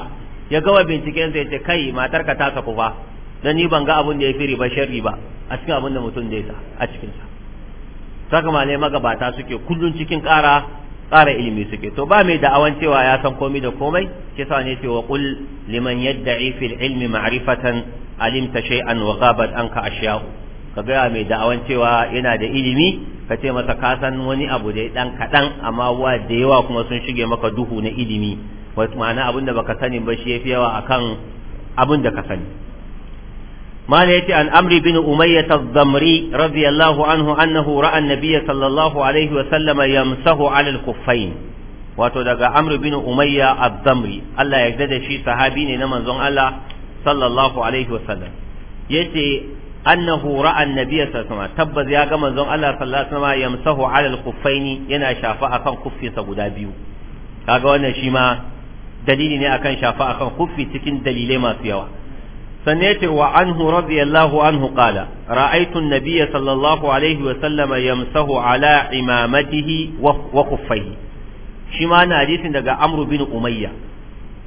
ya gama binciken ya ce kai matarka ta saku fa dan ni ban ga abin da ya fi riba sharri ba a cikin abin da mutum zai sa a cikin sa saka malai magabata suke kullun cikin ƙara ƙara ilimi suke to ba mai da'awan cewa ya san komai da komai ke sa ne cewa qul liman yad'i fil ilmi ma'rifatan alimta shay'an wa ghabat anka ashya'u ka ga mai da'awan cewa yana da ilimi ka ce masa ka san wani abu da dan kaɗan amma wa da yawa kuma sun shige maka duhu na ilimi wato ma'ana abinda da baka sani ba shi yafi yawa akan abun da ka sani ما يأتي عن أمر بن أمية الضمري رضي الله عنه أنه رأى النبي صلى الله عليه وسلم يمسه على الكفين وتدقى أمر بن أمية الضمري الله يجدد شي صحابين نمن زون الله صلى الله عليه وسلم يأتي أنه رأى النبي صلى الله عليه وسلم تبز يا من زون الله صلى الله عليه وسلم يمسه على الكفين ينا شافاء كان كفي سبدا بيو كاغا وانا شيما dalili ne akan shafa akan kuffi cikin dalilai masu yawa sannan yace wa anhu radiyallahu anhu qala ra'aytu an-nabiyya sallallahu alayhi wa sallam yamsahu ala imamatihi wa kuffaihi shi na hadisin daga Amru bin umayya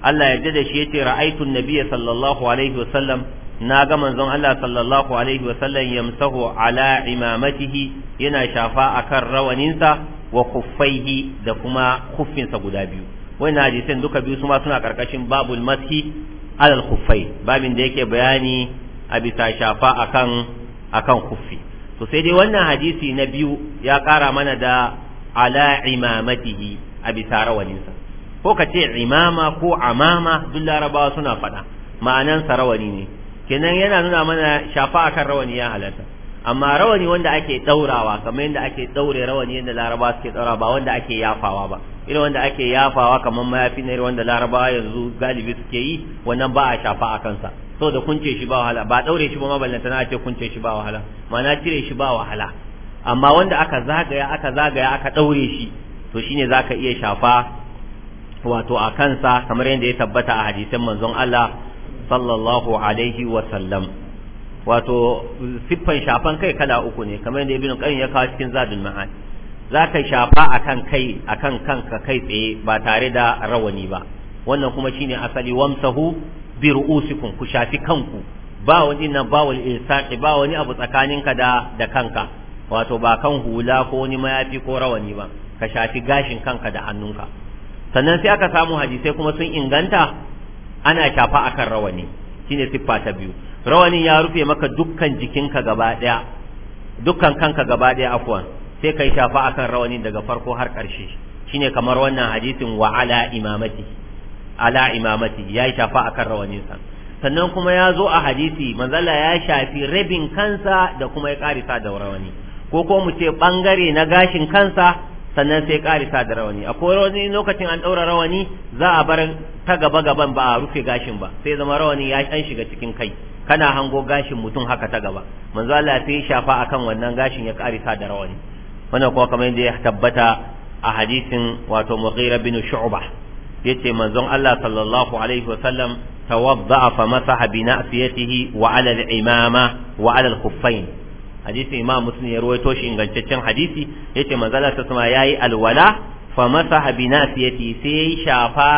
Allah ya jada shi yace ra'aytu an-nabiyya sallallahu alayhi wa sallam na ga manzon Allah sallallahu alayhi wa sallam yamsahu ala imamatihi yana shafa a kan rawaninsa wa kuffaihi da kuma kuffinsa guda biyu wannan hadisin duka biyu su ma suna karkashin babul mathi alal khuffai babin da yake bayani a bisa shafa akan akan khuffi to sai dai wannan hadisi na biyu ya ƙara mana da ala imamatihi a bisa rawaninsa ko ka ce imama ko amama duk larabawa suna faɗa ma'anan sa rawani ne kenan yana nuna mana shafa akan rawani ya halatta amma rawani wanda ake daurawa kamar yadda ake daure rawani yadda laraba suke daura ba wanda ake yafawa ba irin wanda ake yafawa kamar mayafi irin wanda laraba yanzu galibi suke yi wannan ba a shafa a kansa so da kunce shi ba wahala ba daure shi ba ma ballanta na ce kunce shi ba wahala ma'ana cire shi ba wahala amma wanda aka zagaya aka zagaya aka daure shi to shine zaka iya shafa wato a kansa kamar yadda ya tabbata a hadisin manzon Allah sallallahu alaihi wa sallam wato siffan shafan kai kala uku ne kamar yadda ibn qayyim ya kawo cikin zadul ma'ad ka shafa akan kai akan kanka kai tsaye ba tare da rawani ba wannan kuma shine asali wamsahu bi ru'usikum ku shafi kanku ba wani na ba wal ba wani abu tsakaninka da da kanka wato ba kan hula ko wani mayafi ko rawani ba ka shafi gashin kanka da hannunka sannan sai aka samu hadisai kuma sun inganta ana shafa akan rawani shine siffa ta biyu rawanin ya rufe maka dukkan jikinka gaba daya dukkan kanka gaba daya afwan sai kai shafa akan rawanin daga farko har ƙarshe shine kamar wannan hadisin wa ala imamati ala imamati ya shafa akan kan rawaninsa sannan kuma ya zo a hadisi manzala ya shafi rabin kansa da kuma ya karisa da rawani ko ko mu ce bangare na gashin kansa sannan sai karisa da rawani akwai rawani lokacin an daura rawani za a bar ta gaba gaban ba a rufe gashin ba sai zama rawani ya an shiga cikin kai kana hango gashin mutum haka ta gaba manzo Allah sai shafa akan wannan gashin ya sa da rawani wannan kuma kamar yadda ya tabbata a hadisin wato Mughira bin Shu'bah yace manzon Allah sallallahu alaihi wasallam tawadda'a fa masaha bi na'siyatihi wa 'ala al-imama wa 'ala al-khuffayn hadisin Imam Muslim ya rawaito shi ingantaccen hadisi yace manzo Allah sallallahu alaihi yayi alwala fa masaha bi na'siyatihi sai shafa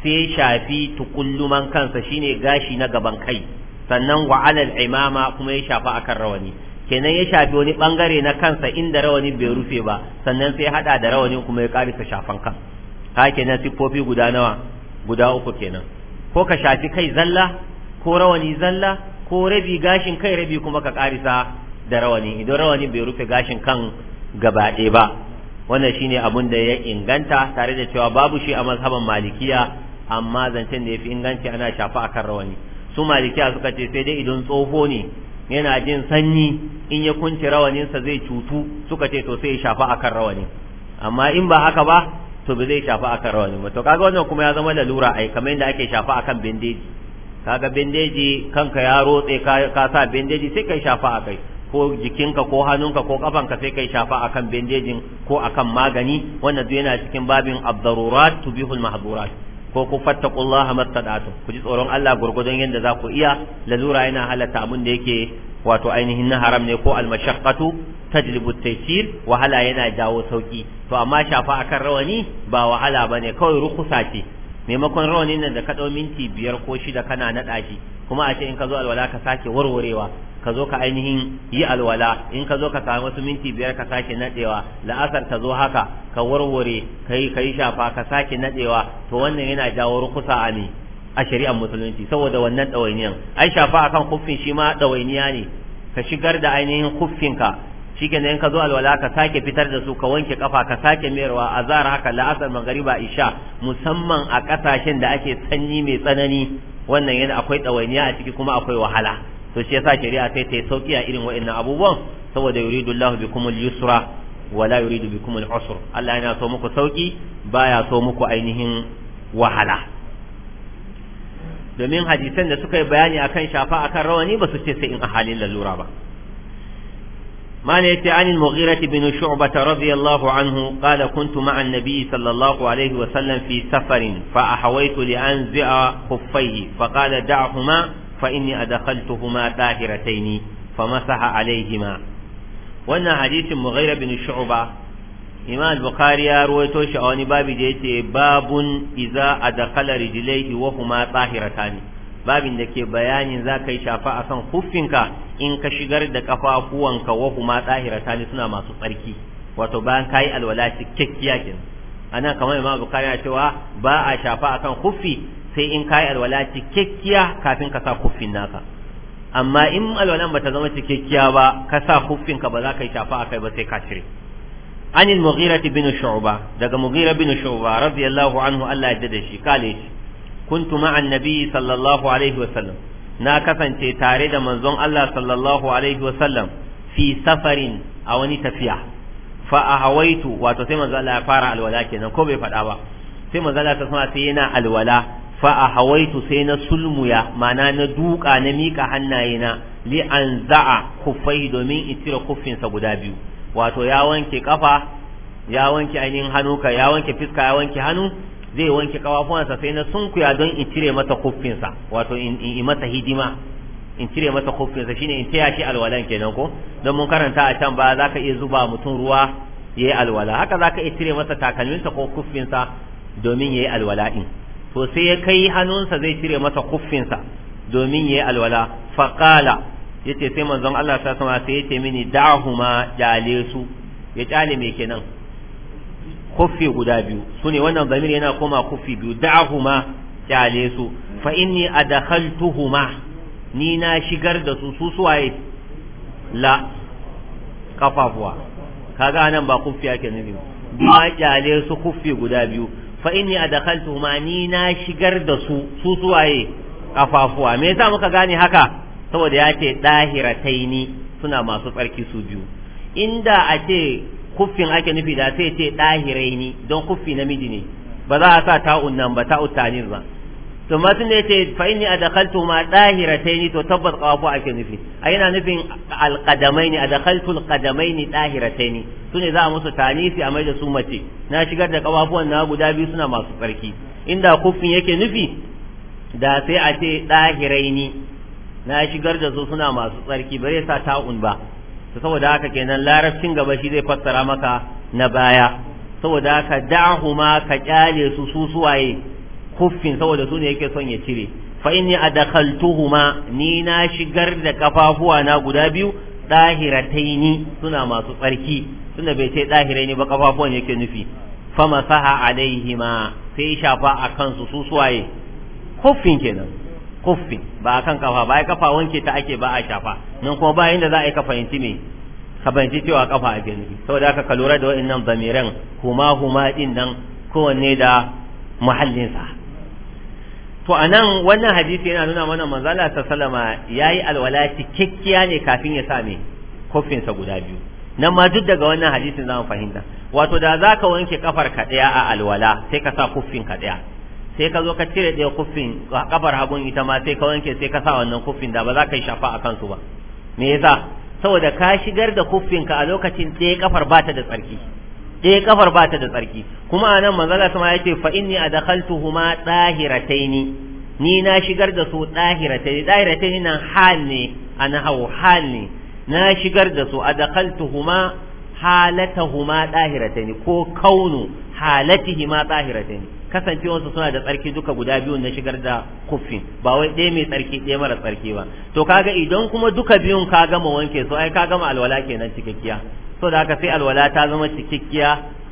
sai shafi tukulluman kansa shine gashi na gaban kai sannan wa alal imama kuma ya shafa akan rawani kenan ya shafi wani bangare na kansa inda rawani bai rufe ba sannan sai hada da rawani kuma ya karisa shafan kan ha kenan siffofi guda nawa guda uku kenan ko ka shafi kai zalla ko rawani zalla ko rabi gashin kai rabi kuma ka karisa da rawani idan rawani bai rufe gashin kan ɗaya ba wannan shine abun da ya inganta tare da cewa babu shi a mazhaban malikiya amma zancen da ya fi inganci ana shafa akan rawani su malikiya suka ce sai dai idan tsoho ne yana jin sanyi in ya kunce rawaninsa zai cutu suka ce to sai ya shafa akan rawani amma in ba haka ba to ba zai shafa akan rawani ba to kaga wannan kuma ya zama lalura ai kamar yadda ake shafa akan bendeji kaga bendeji kanka ya rotse ka sa bendeji sai kai shafa akai ko jikinka ko hannunka ko kafanka sai kai shafa akan bendejin ko akan magani wannan duk yana cikin babin abdarurat tubihul mahdurat ko ku fattaqullaha mastata'tum ku ji tsoron Allah gurgudun yadda za ku iya lalura yana halatta abin da yake wato ainihin na haram ne ko almashaqqatu tajlibu at-taysir wahala yana jawo sauki to amma shafa akan rawani ba wahala bane kawai rukusa ce maimakon rawani ne da ka ɗau minti biyar ko shida kana naɗa shi kuma a ce in ka zo alwala ka sake warwarewa ka zo ka ainihin yi alwala in ka zo ka samu wasu minti biyar ka sake naɗewa la'asar ta zo haka ka warware ka yi shafa ka sake naɗewa to wannan yana jawo rukusa a ne a shari'ar musulunci saboda wannan ɗawainiyan ai shafa akan kuffin shi ma ɗawainiya ne ka shigar da ainihin kuffinka shikenan in ka zo alwala ka sake fitar da su ka wanke kafa ka sake a zara haka la'asar magariba isha musamman a kasashen da ake sanyi mai tsanani wannan yana akwai ɗawainiya a ciki kuma akwai wahala to shi yasa shari'a sai ta yi sauki a irin wa'annan abubuwan saboda yuridu Allahu bikumul yusra wala yuridu bikum al-usr Allah yana so muku sauki baya so muku ainihin wahala domin hadisan da suka yi bayani akan shafa akan rawani ba su ce sai in a halin lalura ba ما نيتي عن المغيرة بن شعبة رضي الله عنه قال كنت مع النبي صلى الله عليه وسلم في سفر فأحويت لأنزع خفيه فقال دعهما فإني أدخلتهما طاهرتين فمسح عليهما وانا حديث المغيرة بن شعبة إمام البخاري رويته شعوني بابي جيتي باب إذا أدخل رجليه وهما طاهرتان babin da ke bayanin za ka yi shafa a kan huffinka in ka shigar da kafafuwanka wahu kuma tsahirata ne suna masu tsarki wato bayan kayi alwala cikakkiya kin ana kamar imam bukari ya cewa ba a shafa akan kufi sai in kayi alwala cikakkiya kafin ka sa kuffin naka amma in alwalan bata zama cikakkiya ba ka sa kuffin ka ba za ka yi shafa akai ba sai ka cire عن المغيرة بن شعبة دق مغيرة بن شعبة anhu, Allah ya ألا shi, شي قال كنت مع النبي صلى الله wa وسلم na kasance tare da manzon Allah sallallahu alaihi wasallam fi safarin a wani tafiya fa ahawaitu wato sai manzon Allah ya fara alwala kenan ko bai faɗa ba sai manzon Allah ta sama sai yana alwala fa hawaitu sai na sulmuya mana na duka na mika hannayena li an za'a kuffai domin in cire kuffinsa guda biyu wato ya wanke kafa ya wanke ainihin hannu ka ya wanke fiska ya wanke hannu zai wanke sa sai na sunkuya don in cire masa kuffinsa wato in yi masa hidima in cire masa kuffinsa shine in taya shi alwalan kenan ko don mun karanta a can ba za ka iya zuba mutum ruwa yayi alwala haka za ka iya cire masa takalminsa ko kuffinsa domin ya alwala in to sai ya kai hannunsa zai cire masa kuffinsa domin ya alwala faƙala yace yace sai manzon Allah sa sama sai yace mini dahuma jalesu ya tsale me kenan kuffi guda biyu su ne wannan zamir yana koma kuffi biyu da'ahuma kyale su fa inni adkhaltuhuma ni na shigar da su su suwaye la kafafuwa kaga nan ba kuffi ake nufi ba kyale su kuffi guda biyu fa inni adkhaltuhuma ni na shigar da su su suwaye kafafuwa me yasa muka gane haka saboda ya ce dahirataini suna masu tsarki su biyu inda a ce kuffin ake nufi da sai ce ɗahiraini don kuffi namiji ne ba za a sa ta'un nan ba ta'un tanir ba to ma tun ce fa inni adakhaltu ma dahirataini to tabbas qawafu ake nufi a yana nufin alqadamaini adakhaltu alqadamaini dahirataini sune za a musu tanisi a mai da su mace na shigar da qawafuwan na guda biyu suna masu tsarki inda kuffin yake nufi da sai a ce dahiraini na shigar da su suna masu tsarki bare sa ta'un ba to saboda haka kenan larabcin gaba shi zai fassara maka na baya saboda haka da'huma ka kyale su su suwaye kuffin saboda su ne yake son ya cire fa inni adakhaltuhuma ni na shigar da kafafuwa na guda biyu dahirataini suna masu tsarki tunda bai ce dahiraini ba kafafuwan yake nufi fa famasaha alaihima sai shafa akan su su suwaye kuffin kenan kuffi ba a kan kafa ba ya kafa wanke ta ake ba a shafa nan kuma ba inda za a yi ka fahimci ne ka fahimci cewa kafa a nufi saboda haka ka lura da wa'annan zamiran huma huma din nan kowanne da muhallinsa to a nan wannan hadisi yana nuna mana manzala ta salama ya yi alwala cikakkiya ne kafin ya sa me guda biyu nan ma duk daga wannan hadisin za mu fahimta wato da za ka wanke kafar ka ɗaya a alwala sai ka sa kuffin ka ɗaya sai ka zo ka cire ɗaya kuffin kafar hagun ita ma sai ka wanke sai ka sa wannan kuffin da ba za ka yi shafa a kansu ba me yasa saboda ka shigar da kuffinka a lokacin ɗaya kafar ba ta da tsarki ɗaya kafar ba da tsarki kuma a nan manzala sama ya ce fa inni huma dahirataini ni na shigar da su dahirataini dahirataini nan hal ne na hau hal ne na shigar da su a huma halatahuma dahirataini ko kaunu halatihima dahirataini kasancewarsu suna da tsarki duka guda biyun na shigar da kuffin ba wai ɗaya mai tsarki ɗaya mara tsarki ba to kaga idan kuma duka biyun ka gama wanke su ai ka gama alwala kenan cikakkiya so da haka sai alwala ta zama cikakkiya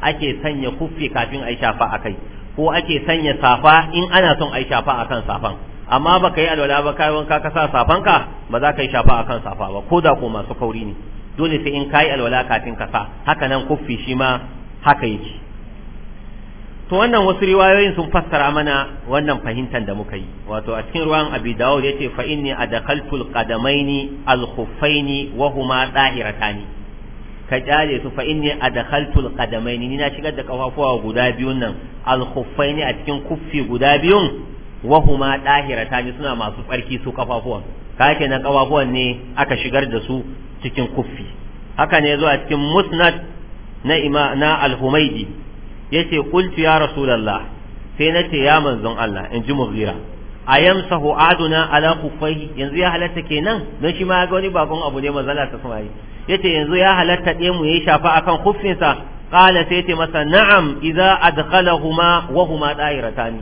ake sanya kuffi kafin a yi shafa akai ko ake sanya safa in ana son a yi shafa akan safan amma baka yi alwala ba kai wanka ka sa ka ba za ka yi shafa akan safa ba ko da ko masu kauri ne dole sai in ka yi alwala kafin ka sa haka nan kuffi shi ma haka yake to wannan wasu riwayoyin sun fassara mana wannan fahimtar da muka yi wato a cikin ruwan abi dawud yace fa inni adkhaltu alqadamaini alkhuffaini wa huma dahiratani ka jale su fa inni adkhaltu alqadamaini ni na shigar da kafafuwa guda biyun nan alkhuffaini a cikin kuffi guda biyun wa huma dahiratani suna masu tsarki su kafafuwan ka na kafafuwan ne aka shigar da su cikin kuffi haka ne zuwa cikin musnad na ima na al-humaydi yace qultu ya rasulullah sai nace ya manzon Allah in ji mughira ayamsahu aduna ala kufai yanzu ya halatta kenan don shi ma ga wani bakon abu ne mazala ta yace yanzu ya halatta ɗaya mu yi shafa akan kuffinsa qala sai yace masa na'am idza adkhalahuma wa huma da'iratan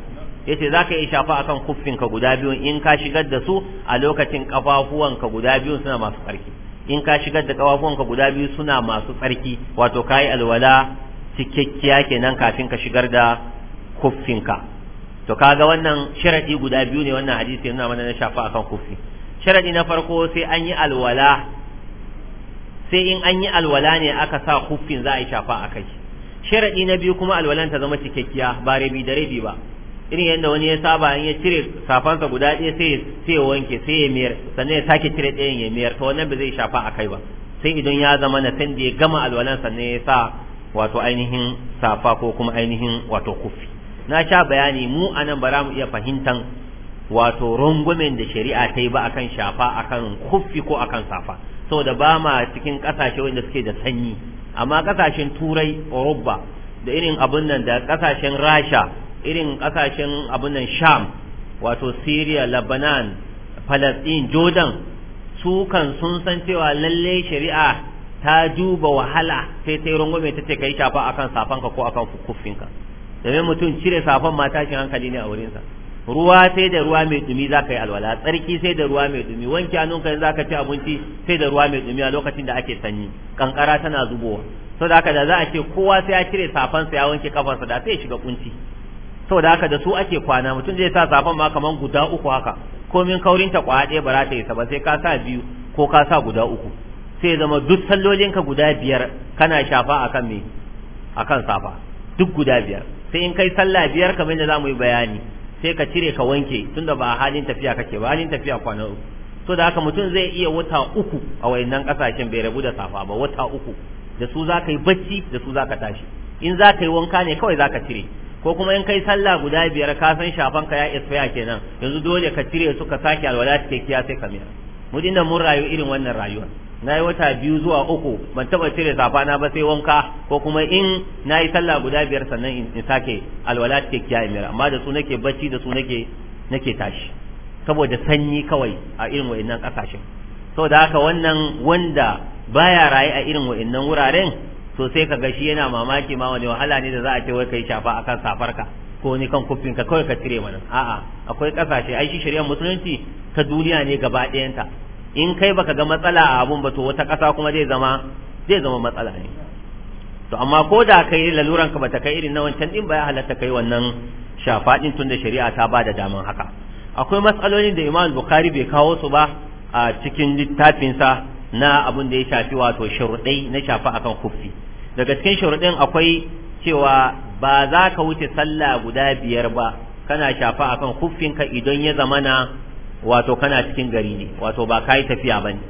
yace zaka yi shafa akan kuffinka guda biyu in ka shigar da su a lokacin kafafuwanka guda biyu suna masu tsarki in ka shigar da kafafuwanka guda biyu suna masu tsarki wato kai alwala cikakkiya kenan kafin ka shigar da kuffinka to kaga wannan sharadi guda biyu ne wannan hadisi yana mana na shafa akan kuffi sharadi na farko sai an yi alwala sai in an yi alwala ne aka sa kuffin za a yi shafa a kai sharadi na biyu kuma alwalan ta zama cikakkiya ba rabi da rabi ba irin yadda wani ya saba in ya cire safansa guda ɗaya sai sai ya wanke sai ya miyar sannan ya sake cire ɗayan ya miyar to wannan ba zai shafa a kai ba sai idan ya zama na san da ya gama alwalan sannan ya sa wato ainihin safa ko kuma ainihin wato kufi na sha bayani mu anan ba mu iya fahimtan wato rungumen da shari'a ta yi ba akan shafa akan kufi ko akan safa saboda ba ma cikin kasashe wanda suke da sanyi amma kasashen turai oruba da irin abun nan da kasashen Rasha irin kasashen abun nan Sham wato Syria Lebanon Palestine Jordan su kan sun san cewa lallai shari'a ta duba wahala sai ta yi rungume ta ce ka yi shafa akan safanka ko akan kufinka domin mutum cire safan ma tashin hankali ne a wurinsa ruwa sai da ruwa mai dumi za ka yi alwala tsarki sai da ruwa mai dumi wanke hannunka za ka ci abinci sai da ruwa mai dumi a lokacin da ake sanyi kankara tana zubowa saboda da haka da za a ce kowa sai ya cire safansa ya wanke kafarsa da sai ya shiga kunci saboda haka da su ake kwana mutum zai sa safan ma kaman guda uku haka komin kaurinta kwa ɗaya ba za ta yi ba sai ka sa biyu ko ka sa guda uku sai zama duk sallolinka guda biyar kana shafa akan me akan safa duk guda biyar sai in kai sallah biyar kamar yadda zamu yi bayani sai ka cire ka wanke tunda ba halin tafiya kake ba halin tafiya kwana uku so da haka mutum zai iya wata uku a wayannan kasashen bai rabu da safa ba wata uku da su za ka yi bacci da su za ka tashi in za ka yi wanka ne kawai za ka cire ko kuma in kai sallah guda biyar ka san shafan ka ya isfaya kenan yanzu dole ka cire su ka sake alwala take kiya sai ka mira mu dinda mun rayu irin wannan rayuwar na yi wata biyu zuwa uku ban taba cire safana ba sai wanka ko kuma in na yi sallah guda biyar sannan in sake alwala take kiya imira amma da su nake bacci da su nake nake tashi saboda sanyi kawai a irin wa'annan kasashen saboda haka wannan wanda baya raye a irin wa'annan wuraren to sai ka ga shi yana mamaki ma wani wahala ne da za a ce wai kai shafa akan safarka ko ni kan kufin ka kawai ka cire mana a'a akwai kasashe ai shi shari'ar musulunci ta duniya ne gaba ɗayanta in kai baka ga matsala a abun ba to wata ƙasa kuma zai zama zai zama matsala ne to amma ko da kai laluran ka bata kai irin na wancan din ba ya halatta kai wannan shafa tunda shari'a ta ba da daman haka akwai matsaloli da Imam Bukhari bai kawo su ba a cikin littafinsa na abun da ya shafi wato sharuɗai na shafa akan kufi daga cikin sharuɗin akwai cewa ba za ka wuce sallah guda biyar ba kana shafa akan kuffinka idan ya zamana wato kana cikin gari ne wato ba kai tafiya bane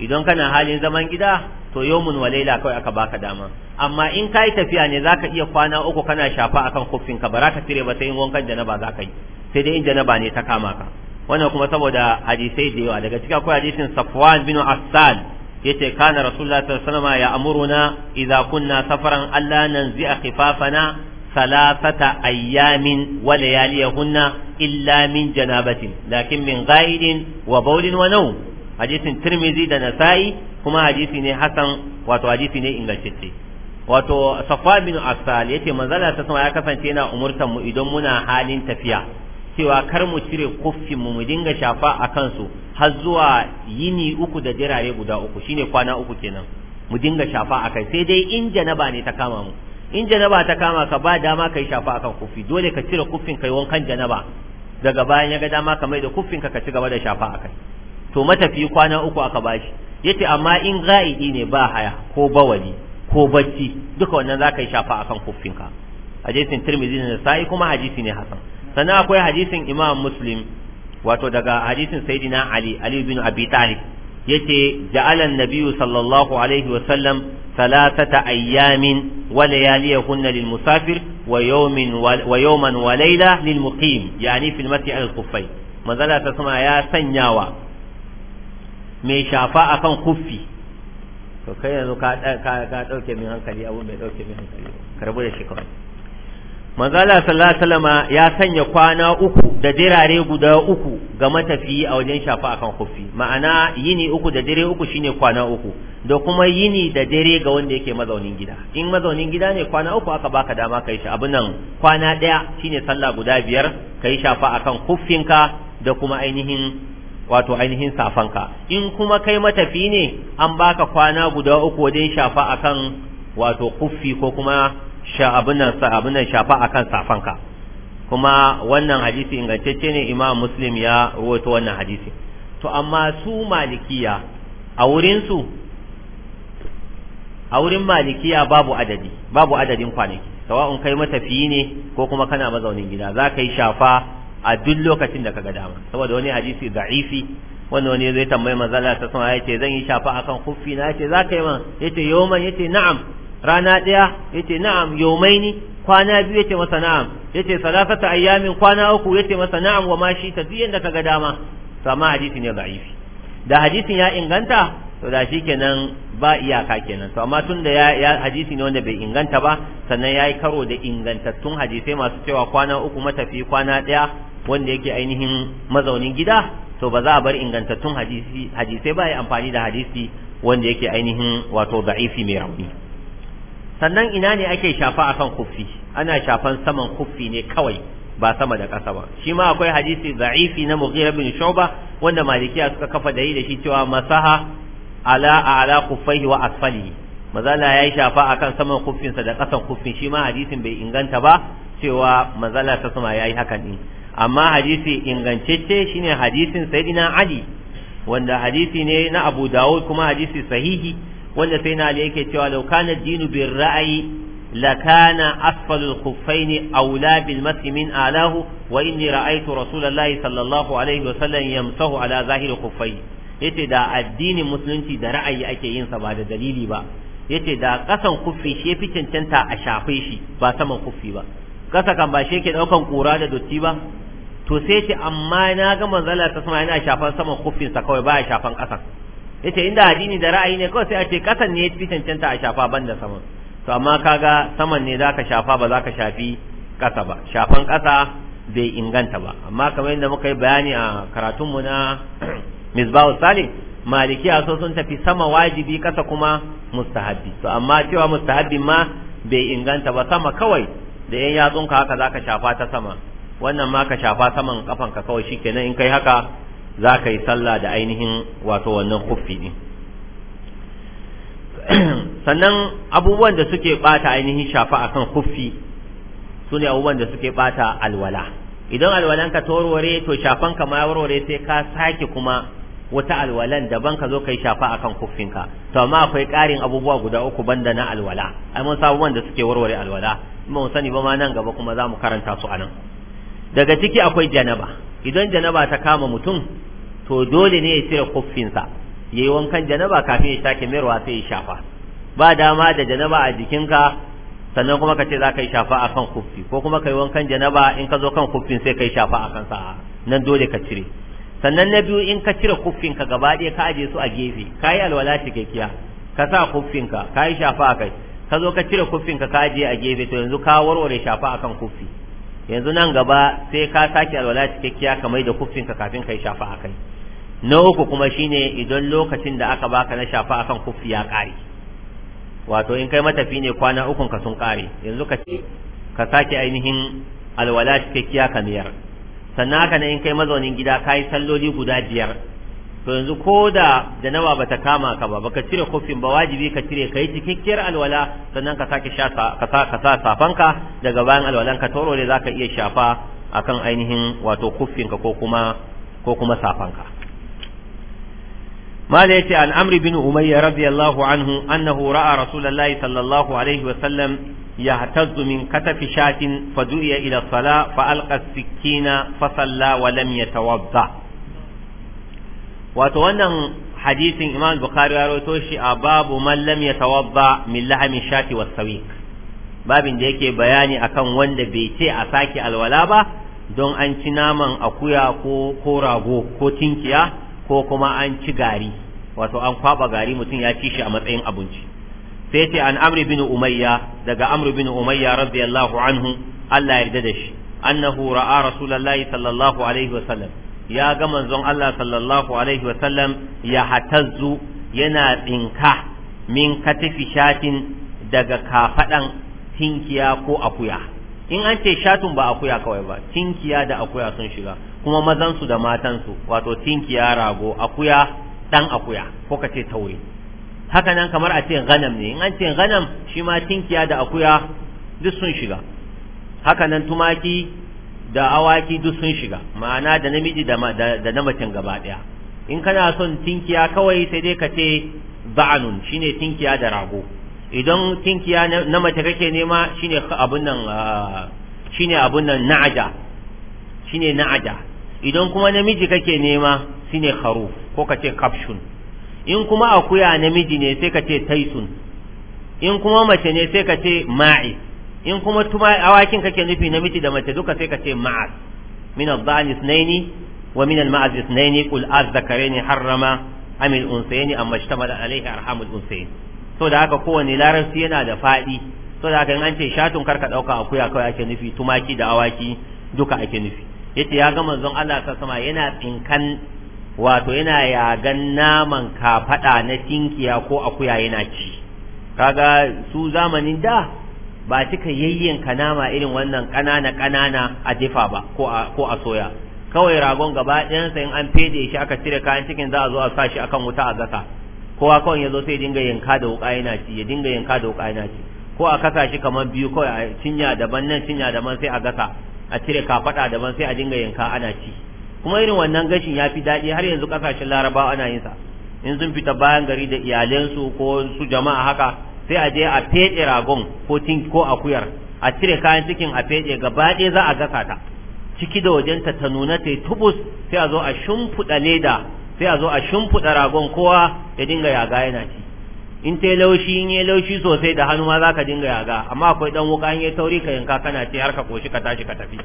idan kana halin zaman gida to yawmun wa laila kawai aka baka dama amma in kai tafiya ne zaka iya kwana uku kana shafa akan kuffin ka baraka tire ba sai in wankan janaba zaka yi sai dai in ba ne ta kama ka wannan kuma saboda hadisai da yawa daga cikin akwai hadisin Safwan bin Asal yace kana rasulullahi sallallahu alaihi wasallam ya amuruna idza kunna safaran alla nanzi'a khifafana salasata ayyamin wa layaliyahunna illa min janabatin lakin min ghaidin wa bawlin wa nawm hadisin tirmizi da nasa'i kuma hadisi ne hasan wato hadisi ne ingantacce wato safwa bin yace manzala ta sama ya kasance yana umurtan mu idan muna halin tafiya cewa kar mu cire kuffin mu mu dinga shafa a kansu har zuwa yini uku da jirare guda uku shine kwana uku kenan mu dinga shafa a kai sai dai in janaba ne ta kama mu in janaba ta kama ka ba dama kai shafa akan kufi dole ka cire kufin kai wankan janaba daga bayan ya ga dama ka mai da kufin ka ka ci gaba da shafa akai to matafi kwana uku aka bashi yace amma in ga'idi ne ba haya ko bawali ko bacci duka wannan zaka yi shafa akan kufin ka hadisin Tirmidhi ne sai kuma hadisi ne hasan sannan akwai hadisin Imam Muslim wato daga hadisin Sayyidina Ali Ali bin Abi Talib yace ja'ala an sallallahu alaihi wa sallam thalathata ayyamin wa layaliyahunna lil musafir wa yawmin wa yawman wa layla lil muqim yani fil mati al-khuffayn manzala ta sama ya sanyawa mai shafa akan kuffi to kai yanzu ka ka dauke min hankali abu mai dauke min hankali karbu da shi kawai manzala sallallahu alaihi wasallama ya sanya kwana uku da dirare guda uku ga matafi a wajen shafa akan kufi ma'ana yini uku da dare uku shine kwana uku da kuma yini da dare ga wanda yake mazaunin gida in mazaunin gida ne kwana uku aka baka dama kai shi abin nan kwana ɗaya shine sallah guda biyar kai shafa akan kufinka da kuma ainihin wato ainihin safanka in kuma kai matafi ne an baka kwana guda uku wajen shafa akan wato kuffi ko kuma sha abin nan shafa akan safanka kuma wannan hadisi ingantacce ne imam muslim ya rawaito wannan hadisi to amma su malikiya a wurin a wurin malikiya babu adadi babu adadin kwanaki sawa'un kai matafiyi ne ko kuma kana mazaunin gida za ka yi shafa a duk lokacin da ka ga dama saboda wani hadisi da'ifi wanda wani zai tambayi manzala ta sama ya ce zan yi shafa akan kuffi na ya ce za ka yi man ya ce man ya ce na'am rana ɗaya ya ce na'am ni. kwana biyu yace masa na'am yace salasata ayyamin kwana uku yace masa na'am wa ma shi ta duk kaga dama to amma hadisi ne da'ifi da hadisin ya inganta to da shi kenan ba iyaka kenan to amma tunda ya, hadisi ne wanda bai inganta ba sannan yayi karo da ingantattun hadisai masu cewa kwana uku matafi kwana daya wanda yake ainihin mazaunin gida to ba za a bar ingantattun hadisi hadisai ba ya amfani da hadisi wanda yake ainihin wato da'ifi mai rauni sannan ina ne ake shafa akan kuffi ana shafan saman kuffi ne kawai ba sama da ƙasa ba shi ma akwai hadisi za'ifi na mughira bin shuba wanda malikiya suka kafa da yi da shi cewa masaha ala ala kuffaihi wa asfalihi mazala yayi shafa akan saman kuffinsa da ƙasan kuffin shi ma hadisin bai inganta ba cewa mazala ta sama yayi hakan din amma hadisi ingantacce shine hadisin sayyidina ali wanda hadisi ne na abu dawud kuma hadisi sahihi wanda sai na yake cewa law kana dinu bir ra'ayi la kana asfalul khuffaini aula bil masi min alahu wa inni ra'aytu rasulullahi sallallahu alaihi wa sallam yamsahu ala zahiri khuffaini yace da addinin musulunci da ra'ayi ake yin sa ba da dalili ba yace da kasan kuffi shi yafi cancanta a shafe shi ba saman kuffi ba kasa kan ba shi yake daukan kura da dotti ba to sai ce amma na ga manzala ta sama yana shafan saman kuffin sa kawai ba ya shafan kasan yace inda addini da ra'ayi ne kawai sai a ce kasan ne yafi cancanta a shafa banda saman to amma kaga saman ne zaka shafa ba zaka shafi kasa ba shafan kasa bai inganta ba amma kamar yadda muka yi bayani a karatun mu na misbahu salih a so sun tafi sama wajibi kasa kuma mustahabbi to amma cewa mustahabbi ma bai inganta ba sama kawai da yan yatsunka haka zaka shafa ta sama wannan ma ka shafa saman kafan ka kawai shikenan in kai haka za ka yi sallah da ainihin wato wannan kufi sannan abubuwan da suke bata ainihin shafa akan kufi su ne abubuwan da suke bata alwala idan alwalan ka warware, to shafan ka ma warware sai ka sake kuma wata alwalan daban ka zo ka yi shafa akan ka to amma akwai ƙarin abubuwa guda uku banda na alwala ai mun sa abubuwan da suke warware alwala mun sani ba ma nan gaba kuma za mu karanta su anan daga ciki akwai janaba idan janaba ta kama mutum to dole ne ya cire kuffinsa ya yi wankan janaba kafin ya sake mayarwa sai ya shafa ba dama da janaba a jikinka sannan kuma ka ce za ka yi shafa a kan kuffi ko kuma ka yi wankan janaba in ka zo kan kuffin sai ka yi shafa a kansa nan dole ka cire sannan na biyu in ka cire kuffinka gaba ɗaya ka aje su a gefe ka yi alwala cikakkiya ka sa kuffinka ka yi shafa a kai ka zo ka cire kuffinka ka ka aje a gefe to yanzu ka warware shafa a kan kuffi yanzu nan gaba sai ka sake alwala cikakkiya ka mai da kuffinka kafin ka yi shafa a kai na uku kuma shine idan lokacin da aka baka na shafa akan kufi ya kare wato in kai matafi ne kwana ukun ka sun kare yanzu ka ce ka sake ainihin alwala cikakkiya miyar, sannan haka ne in kai mazaunin gida ka yi salloli guda biyar to yanzu ko da nawa ba ta kama ka ba baka cire kofin ba wajibi ka cire ka yi cikakkiyar alwala sannan ka sake shafa ka sa ka safanka daga bayan alwalan ka toro ne zaka iya shafa akan ainihin wato ka ko kuma ko kuma safanka ما ليت عن عمرو بن أمية رضي الله عنه أنه رأى رسول الله صلى الله عليه وسلم يهتز من كتف شاة فدعي إلى الصلاة فألقى السكين فصلى ولم يتوضأ وتوانا حديث إمام البخاري روتوشي أباب من لم يتوضأ من لحم الشاة والسويق باب ديك بياني أكن وند بيتي أساكي الولابة دون أنت ناما أكويا كو كوراغو كو تنكيا ko kuma an ci gari wato an kwaba gari mutum ya ci shi a matsayin abinci sai ce an amri bin umayya daga amri bin umayya radiyallahu anhu Allah yarda da shi annahu ra'a rasulullahi sallallahu alaihi wa sallam ya ga manzon Allah sallallahu alaihi wa sallam ya hatazzu yana tsinka min katifi shatin daga kafadan tinkiya ko akuya in an ce shatun ba akuya kawai ba tinkiya da akuya sun shiga kuma mazansu da matansu wato tinkiya rago akuya dan akuya ko ka ce taure haka nan kamar a ce ganam ne in an ce ganam shi ma tinkiya da akuya duk sun shiga haka nan tumaki da awaki duk sun shiga ma'ana da namiji da na macen gaba daya in kana son tinkiya kawai sai dai ka ce ba'anun shine tinkiya da rago idan tinkiya na mace kake nema shine abun nan ah, shine abun nan na'aja shine na'aja idan kuma namiji kake nema ne kharuf ko ka ce kafshun in kuma akuya namiji ne sai ka ce taisun in kuma mace ne sai ka ce ma'i in kuma tuma awakin kake nufi namiji da mace duka sai ka ce ma'as min al dhani ithnaini wa min al-ma'az ithnaini qul az-zakaraini harrama am al-unsayni amma ishtamala alayhi arham al-unsayn to da haka kowanne larabci yana da fadi to da haka in an ce shatun karka dauka akuya kawai ake nufi tumaki da awaki duka ake nufi yace ya ga manzon Allah ta sama yana tsinkan wato yana yagan naman kafaɗa na tinkiya ko akuya yana ci kaga su zamanin da ba cika yayyanka nama irin wannan kanana-kanana a jifa ba ko a ko a soya kawai ragon gaba sa in an fede shi aka cire kayan cikin za a zo a sa shi akan wuta a gasa kowa kawai ya zo sai dinga yanka da wuka yana ci ya dinga yanka da wuka yana ci ko a kasa shi kamar biyu kawai a cinya daban nan cinya daban sai a gasa a cire kafada daban sai a dinga yanka ana ci kuma irin wannan gashin ya fi daɗi har yanzu ƙasashen larabawa ana yin sa in sun fita bayan gari da iyalansu ko su jama'a haka sai a je a feɗe ragon ko tin ko akuyar a cire kayan cikin a feɗe gaba ɗaya za a gasa ta ciki da wajen ta nuna ta tubus sai a zo a shimfiɗa leda sai a zo a shimfiɗa ragon kowa ya dinga yaga yana ci in ta laushi in yi laushi sosai da hannu ma za ka dinga yaga amma akwai dan wuka in yi tauri ka yanka kana ce har ka koshi ka tashi ka tafi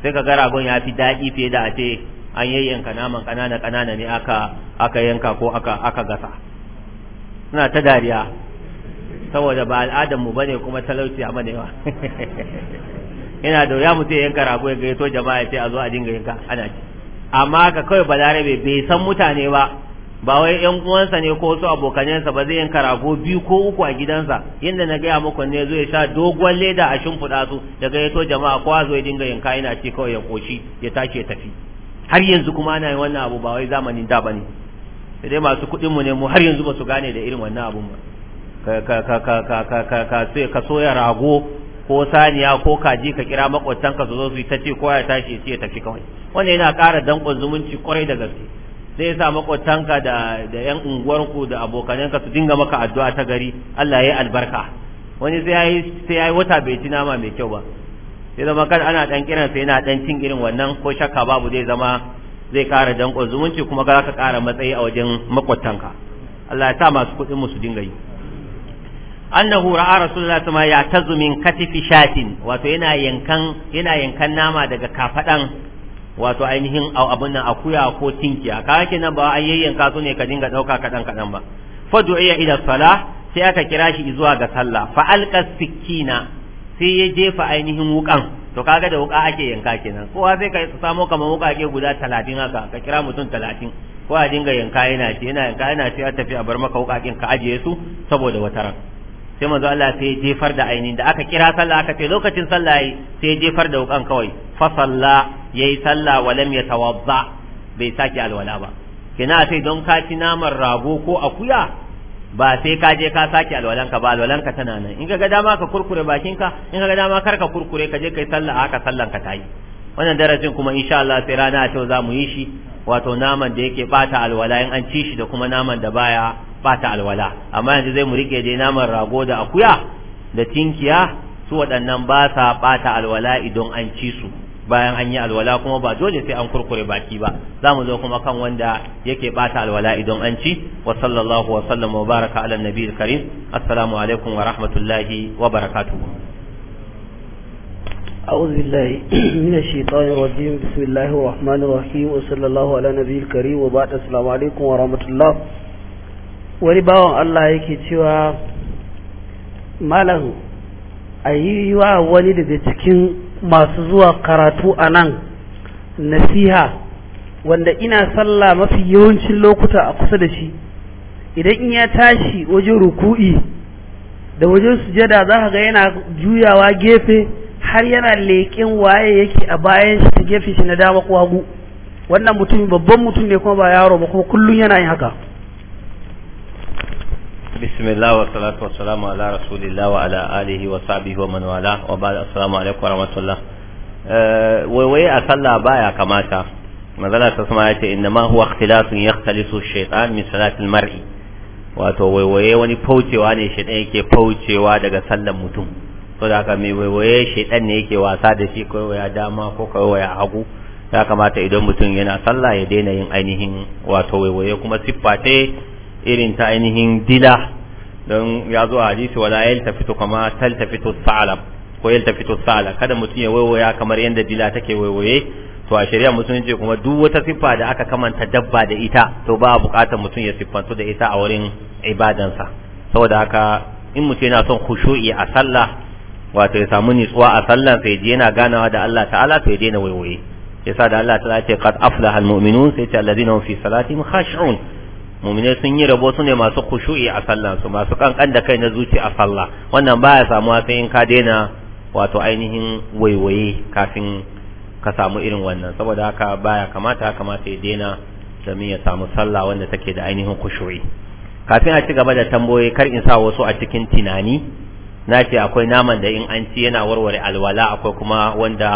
sai ka ga ragon ya fi daɗi fiye da a ce an yanka naman ƙanana ƙanana ne aka aka yanka ko aka aka gasa suna ta dariya saboda ba al'adar mu bane kuma talauci a manewa Ina da ya mutu yanka rago ya gaito jama'a ya ce a zo a dinga yanka ana ce. amma ka kawai balarabe bai san mutane ba ba wai yan uwansa ne ko wasu abokanansa ba zai yin karago biyu ko uku a gidansa yadda na gaya muku ne zai sha dogon leda a shimfiɗa su daga ya to jama'a kowa zo ya dinga yanka na ce kawai ya koshi ya tashi ya tafi har yanzu kuma ana yin wannan abu ba wai zamanin da bane sai dai masu kuɗin mu ne mu har yanzu ba su gane da irin wannan abun ba ka ka ka ka ka ka ka ka soya rago ko saniya ko kaji ka kira makwabtanka su zo su yi ta ce kowa ya tashi ya ce ya tafi kawai wannan yana ƙara danƙon zumunci ƙwarai da gaske sai ya sa makwatanka da da yan unguwarku da abokanka su dinga maka addu'a ta gari Allah ya yi albarka wani sai yayi sai yayi wata bai ci nama mai kyau ba sai zama kan ana dan kiran sai yana dan cin irin wannan ko shakka babu zai zama zai kara danko zumunci kuma ga ka kara matsayi a wajen makwatanka Allah ya sa masu kuɗin mu su dinga yi annahu ra'a rasulullahi sama ya tazumin katifi shatin wato yana yankan yana yankan nama daga kafadan wato ainihin abun nan akuya ko tinkiya ka nan ba an yayyanka su ne ka dinga ɗauka kaɗan kaɗan ba fadu'iya ila sala sai aka kira shi zuwa ga sallah fa alqa sikkina sai ya jefa ainihin wukan to kaga da wuka ake yanka kenan kowa sai ka samo kamar wukake guda talatin haka ka kira mutum talatin ko a dinga yanka yana ce yana yanka yana ce a tafi a bar maka wukakin ka ajiye su saboda wata ran sai manzo Allah sai jefar da ainihin da aka kira sallah aka ce lokacin sallah sai jefar da wukan kawai fa sallah. yayi sallah walam yatawadda bai sake alwala ba kina sai don ka ci naman rago ko akuya ba sai ka je ka sake alwalanka ba alwalanka tana nan in ka ga dama ka kurkure bakinka in ka ga dama kar ka kurkure ka je kai sallah haka sallan ka tayi wannan darasin kuma insha Allah sai rana ta za mu yi shi wato naman da yake bata alwala in an ci shi da kuma naman da baya bata alwala amma yanzu zai mu rike dai naman rago da akuya da tinkiya su waɗannan ba sa bata alwala idan an ci su bayan an yi alwala kuma ba dole sai an kurkure baki ba za mu zo kuma kan wanda yake bata alwala idan an ci wa sallallahu wa sallam wa baraka ala nabiyil karim assalamu alaikum wa rahmatullahi wa barakatuh أعوذ بالله من الشيطان الرجيم بسم الله الرحمن الرحيم وصلى الله على نبي الكريم وبعد السلام عليكم ورحمة الله ولباو الله يكي تيوا ماله أيوا ولد بتكين masu zuwa karatu a nan nasiha wanda ina sallah mafi yawancin lokuta a kusa da shi idan in ya tashi wajen ruku'i da wajen sujada za ka ga yana juyawa gefe har yana leƙin waye yake a bayan shi ta gefe shi na dama ko hagu wannan mutum babban mutum ne kuma ba yaro ba kuma kullum yana yin haka بسم الله والصلاة والسلام على رسول الله وعلى آله وصحبه ومن والاه وبعد السلام عليكم ورحمة الله waiwaye a sallah baya kamata manzala ta sama yace innama huwa ikhtilatun mar'i wato waiwaye wani faucewa ne yake faucewa daga sallan mutum to da mai waiwaye shaytan ne yake wasa da shi ko dama ko ko waya hagu ya kamata idan mutum yana sallah ya daina yin ainihin wato waiwaye kuma siffa irin ta ainihin dila don ya zo a hadisi wala yaltafitu kama taltafitu sa'alab ko yaltafitu sa'ala kada mutum ya waiwaya kamar yadda dila take waiwaye to a shari'a mutum ce kuma duk wata siffa da aka kamanta dabba da ita to ba a bukatar mutum ya siffantu da ita a wurin ibadansa saboda haka in mutum yana son khushu'i a sallah wato ya samu nitsuwa a sallan sai je yana ganawa da Allah ta'ala to ya daina waiwaye yasa da Allah ta'ala ce qad aflaha almu'minun sai ce alladhina hum fi salatihim mu'mine sun yi rabo su ne masu kushu'i a sallansu su masu kankan da kai na zuci a sallah wannan baya samu sai in ka daina wato ainihin waiwaye kafin ka samu irin wannan saboda haka baya kamata kamata ya daina domin ya samu sallah wanda take da ainihin khushu'i kafin a ci gaba da tambayoyi kar in sa wasu a cikin tunani na ce akwai naman da in an ci yana warware alwala akwai kuma wanda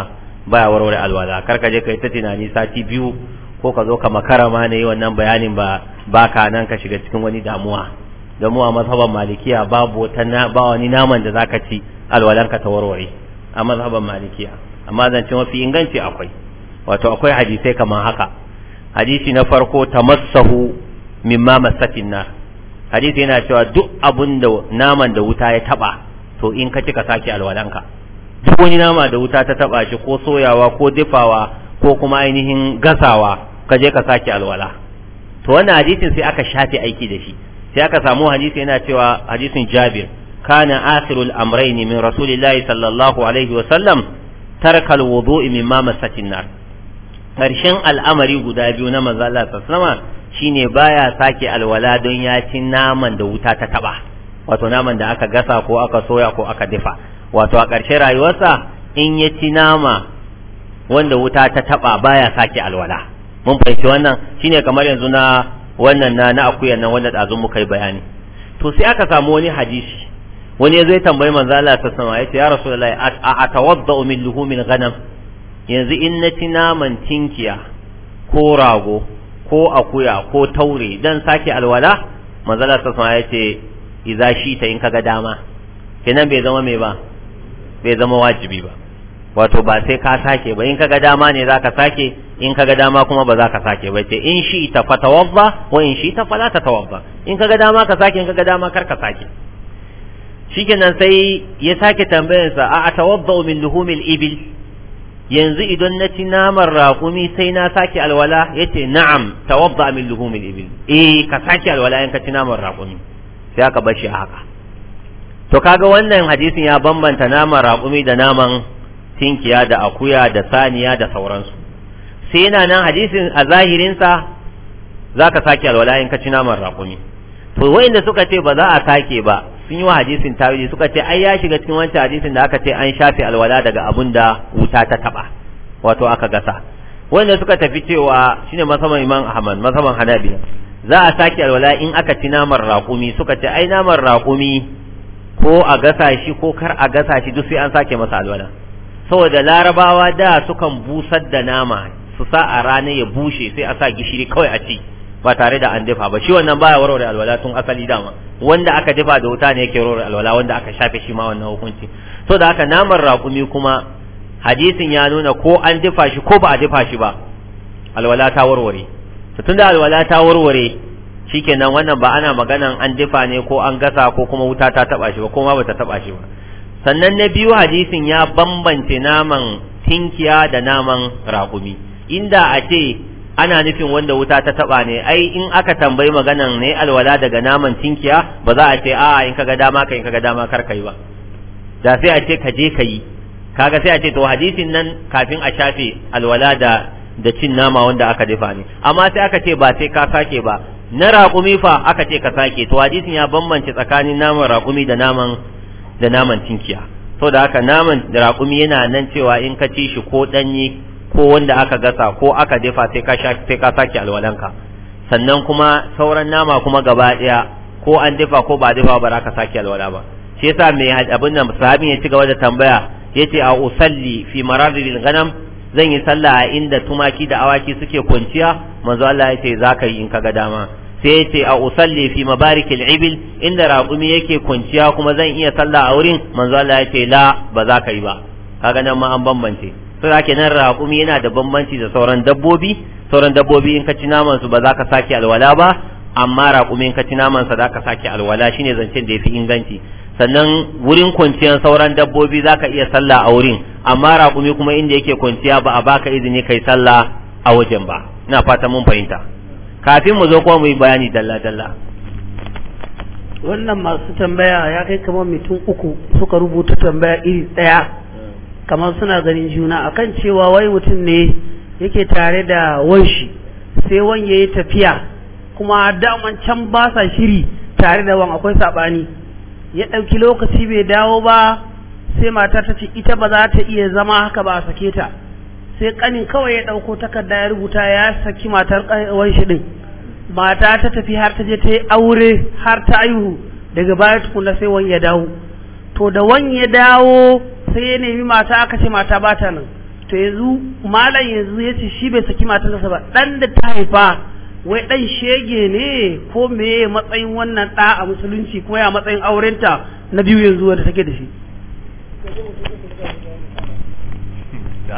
baya warware alwala kar ka je kai ta tunani sati biyu ko ka zo ka makarama na ne wannan bayanin ba ka nan ka shiga cikin wani damuwa damuwa mazhaban malikiya babu na ba wani naman da zaka ci alwalar ka ta a mazhaban malikiya amma zance mafi inganci akwai wato akwai hadisai kamar haka hadisi na farko tamassahu mimma masatin hadisi yana cewa duk abun da naman da wuta ya taba to in ka ci ka sake alwalanka duk wani nama da wuta ta taba shi ko soyawa ko dafawa ko kuma ainihin gasawa ka je ka sake alwala to wannan hadisin sai aka shafe aiki da shi sai aka samu hadisi yana cewa hadisin Jabir kana akhirul amrayn min rasulillahi sallallahu alaihi wa sallam tarkal wudu'i mimma masatin nar karshen al'amari guda biyu na manzo Allah sallallahu alaihi shine baya sake alwala don ya ci naman da wuta ta taba wato naman da aka gasa ko aka soya ko aka dafa wato a ƙarshe rayuwarsa in ya ci nama wanda wuta ta taba baya sake alwala mun fahimci wannan shine kamar yanzu na wannan na na akuyan nan wanda dazun muka yi bayani to sai aka samu wani hadisi wani ya zai tambayi manzo Allah ta sama yace ya rasulullahi a atawadda min luhumil ghanam yanzu in na ci naman tinkiya ko rago ko akuya ko taure dan sake alwala manzo Allah ta sama yace idza shi ta in kaga dama kenan bai zama mai ba bai zama wajibi ba wato ba sai ka sake ba in kaga dama ne zaka sake in kaga dama kuma ba za ka sake ba ce in shi ta fatawabba wa in shi ta fala ta tawabba in kaga dama ka sake in kaga dama kar ka sake shikenan sai ya sake tambayarsa a atawabba min luhumil ibil yanzu idan na ci naman raƙumi sai na sake alwala yace na'am tawabba min luhumil ibil eh ka sake alwala in ka ci naman raƙumi sai aka bar shi haka to kaga wannan hadisin ya bambanta naman raƙumi da naman tinkiya da akuya da saniya da sauransu sai yana nan hadisin a zahirinsa za ka sake alwala in ka ci naman raƙumi to wa'inda suka ce ba za a sake ba sun yi wa hadisin tawili suka ce ai ya shiga cikin wancan hadisin da aka ce an shafe alwala daga abun da wuta ta taɓa wato aka gasa wanda suka tafi cewa shine masaman iman ahmad masaman hanabiya za a sake alwala in aka ci naman raƙumi suka ce ai naman raƙumi ko a gasa shi ko kar a gasa shi duk sai an sake masa alwala saboda larabawa da sukan busar da nama su sa a rana ya bushe sai a sa gishiri kawai a ci ba tare da an dafa ba shi wannan baya warware alwala tun asali dama wanda aka dafa da wuta ne yake warware alwala wanda aka shafe shi ma wannan hukunci To da haka naman raƙumi kuma hadisin ya nuna ko an dafa shi ko ba a dafa shi ba alwala ta warware to tunda alwala ta warware shikenan wannan ba ana maganan an dafa ne ko an gasa ko kuma wuta ta taba shi ba ko ma bata taba shi ba sannan na biyu hadisin ya bambance naman tinkiya da naman raƙumi inda a ce ana nufin wanda wuta ta taba ne ai in aka tambayi maganan ne alwala daga naman tinkiya ba za a ce a in kaga dama ka in kaga dama kar kai ba da sai a ce ka je ka kaga sai a ce to hadisin nan kafin a shafe alwala da da cin nama wanda aka dafa ne amma sai aka ce ba sai ka sake ba na raƙumi fa aka ce ka sake to hadisin ya bambance tsakanin naman raƙumi da naman da naman tinkiya to da haka naman da raƙumi yana nan cewa in ka ci shi ko ɗanye ko wanda aka gasa ko aka dafa sai ka sai ka sake alwalanka sannan kuma sauran nama kuma gaba daya ko an dafa ko ba dafa ba za ka sake alwala ba shi yasa me abin nan sahabi ya ci gaba da tambaya yace a usalli fi maradil ganam zan yi sallah a inda tumaki da awaki suke kwanciya manzo Allah yace zaka yi in kaga dama sai yace a usalli fi mabarikil ibil inda raqumi yake kwanciya kuma zan iya sallah a wurin manzo Allah yace la ba za ka yi ba kaga nan ma an bambance sai nan raƙumi yana da bambanci da sauran dabbobi sauran dabbobi in ka ci namansu su ba za ka sake alwala ba amma raƙumi in ka ci naman sa za ka sake alwala shine zancen da ya fi inganci sannan wurin kwanciyar sauran dabbobi za ka iya sallah a wurin amma raƙumi kuma inda yake kwanciya ba a baka izini kai sallah a wajen ba ina fata mun fahimta kafin mu zo kuma mu yi bayani dalla dalla wannan masu tambaya ya kai kamar mutum uku suka rubuta tambaya iri daya. kamar suna ganin juna akan cewa wai mutum ne yake tare da wanshi sai wan yayi tafiya kuma daman can ba sa shiri tare da wan akwai sabani ya ɗauki lokaci bai dawo ba sai matar ta ce ita ba za ta iya zama haka ba a sake ta sai kanin kawai ya ɗauko takarda ya rubuta ya saki matar wanshi din mata ta tafi har ta je ta yi aure har ta aihu daga baya tukuna sai wani ya dawo to da wani ya dawo sai ya nemi mata aka ce mata ba ta nan to yanzu malam yanzu ya ce shi bai saki matarsa ba dan da ta haifa wai dan shege ne ko me matsayin wannan da a musulunci ko ya matsayin aurenta na biyu yanzu wanda take da shi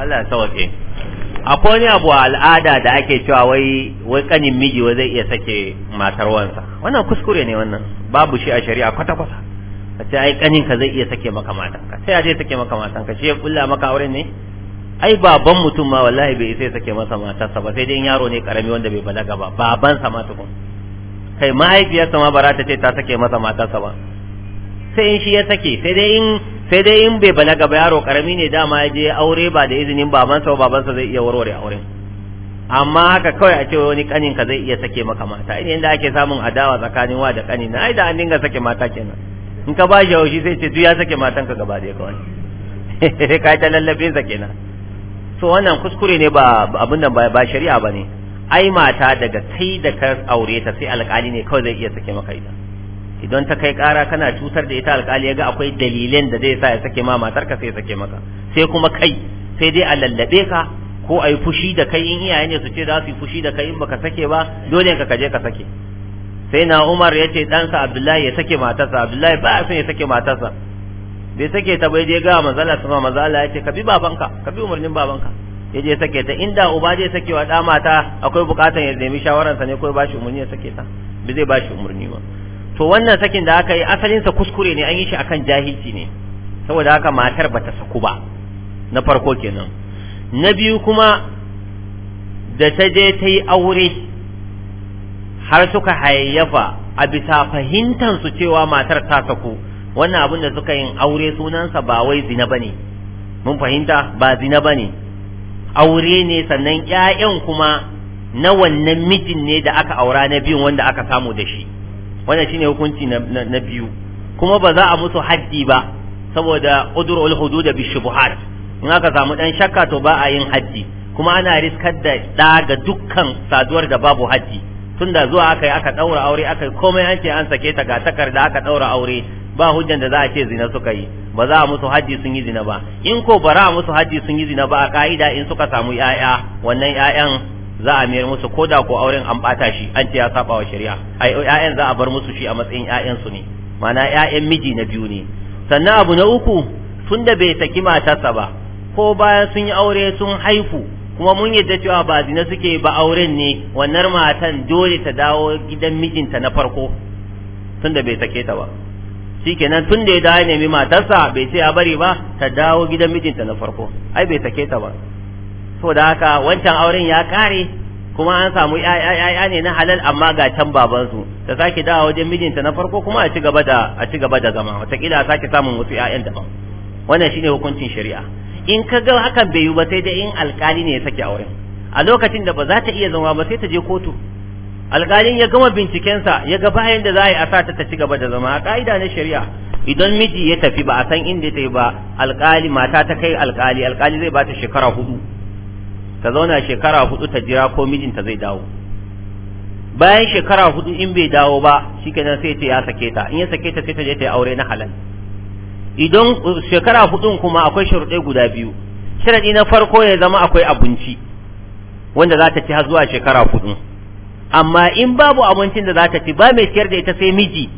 Allah sauke akwai wani abu a al'ada da ake cewa wai wai kanin miji wai zai iya sake matar wansa wannan kuskure ne wannan babu shi a shari'a kwata-kwata ka ce ai kanin ka zai iya sake maka matan ka sai a je sake maka matan ka shi ya kulla maka auren ne ai baban mutum ma wallahi bai sai sake masa sa ba sai dai yaro ne karami wanda bai balaga ba baban sa ma tukun kai mahaifiyarsa ma bara ta ce ta sake masa sa ba sai in shi ya sake sai dai in sai dai in bai balaga ba yaro karami ne dama ya je aure ba da izinin babansa ba babansa zai iya warware auren amma haka kawai a ce wani kanin ka zai iya sake maka mata inda ake samun adawa tsakanin wa da kanin na ai da an dinga sake mata kenan in ka ba shi haushi sai ce duk ya sake matan ka gaba ɗaya kawai ka ta lallabe sa kenan so wannan kuskure ne ba abin nan ba shari'a ba ne ai mata daga kai da ka aure ta sai alƙali ne kawai zai iya sake maka ita idan ta kai kara kana cutar da ita alƙali ya ga akwai dalilan da zai sa ya sake ma matar ka sai ya sake maka sai kuma kai sai dai a lallabe ka ko a yi fushi da kai in iyaye ne su ce za su yi fushi da kai in baka sake ba dole ka kaje ka sake sai na umar ya ce ɗansa abdullahi ya sake matarsa abdullahi ba son ya sake matarsa bai sake ta bai je ga manzala sama mazala ya ce ka bi babanka ka bi umarnin babanka ya je sake ta inda uba zai sake wa ɗa mata akwai bukatan ya nemi shawararsa ne ko ya bashi umarni ya sake ta bai zai bashi umarni ba to wannan sakin da aka yi asalinsa kuskure ne an yi shi akan jahilci ne saboda haka matar bata saku ba na farko kenan na biyu kuma da ta je ta yi aure har suka hayayyafa a bisa fahimtar su cewa matar ta saku wannan abin da suka yin aure sunansa ba wai zina bane mun fahimta ba zina bane aure ne sannan ƴaƴan kuma na wannan mijin ne da aka aura na biyu wanda aka samu da shi wannan shine hukunci na biyu kuma ba za a musu haddi ba saboda udurul hudud bi shubuhat in aka samu dan shakka to ba a yin haddi kuma ana riskar da ɗa dukkan saduwar da babu haddi tunda zuwa aka yi aka ɗaura aure aka komai an ce an sake ta ga takarda aka ɗaura aure ba hujjan da za a ce zina suka yi ba za a musu haji sun yi zina ba in ko bara musu hajji sun yi zina ba a ka'ida in suka samu yaya wannan yayan za a mayar musu da ko auren an ɓata shi an ce ya saba wa shari'a ai ƴaƴan za a bar musu shi a matsayin ƴaƴan su ne mana yayan miji na biyu ne sannan abu na uku tunda bai saki matarsa ba ko bayan sun yi aure sun haihu kuma mun yadda cewa ba zina suke ba auren ne wannan matan dole ta dawo gidan mijinta na farko tunda bai sake ta ba shikenan tun da ya dawo nemi matarsa bai ce a bari ba ta dawo gidan mijinta na farko ai bai sake ta ba da haka wancan auren ya kare kuma an samu ya'ya ne na halal amma ga can babansu ta sake dawo wajen mijinta na farko kuma a ci gaba da a ci gaba da zama wata a sake samun wasu 'ya'yan daban wannan shine hukuncin shari'a in ka ga hakan bai yi ba sai dai in alkali ne ya sake auren a lokacin da ba za ta iya zama ba sai ta je kotu alkalin ya gama bincikensa ya ga bayan da za a yi a sa ta ci gaba da zama a ka'ida na shari'a idan miji ya tafi ba a san inda ta yi ba alkali mata ta kai alkali alkali zai bata shekara hudu ta zauna shekara hudu ta jira ko mijinta zai dawo bayan shekara hudu in bai dawo ba shikenan sai ta ya sake ta in ya sake ta sai ta je ta yi aure na halal idan shekara hudun kuma akwai sharuɗai guda biyu sharaɗi na farko ya zama akwai abinci wanda za ta ci har zuwa shekara hudu amma in babu abincin da za ta ci ba mai ciyar da ita sai miji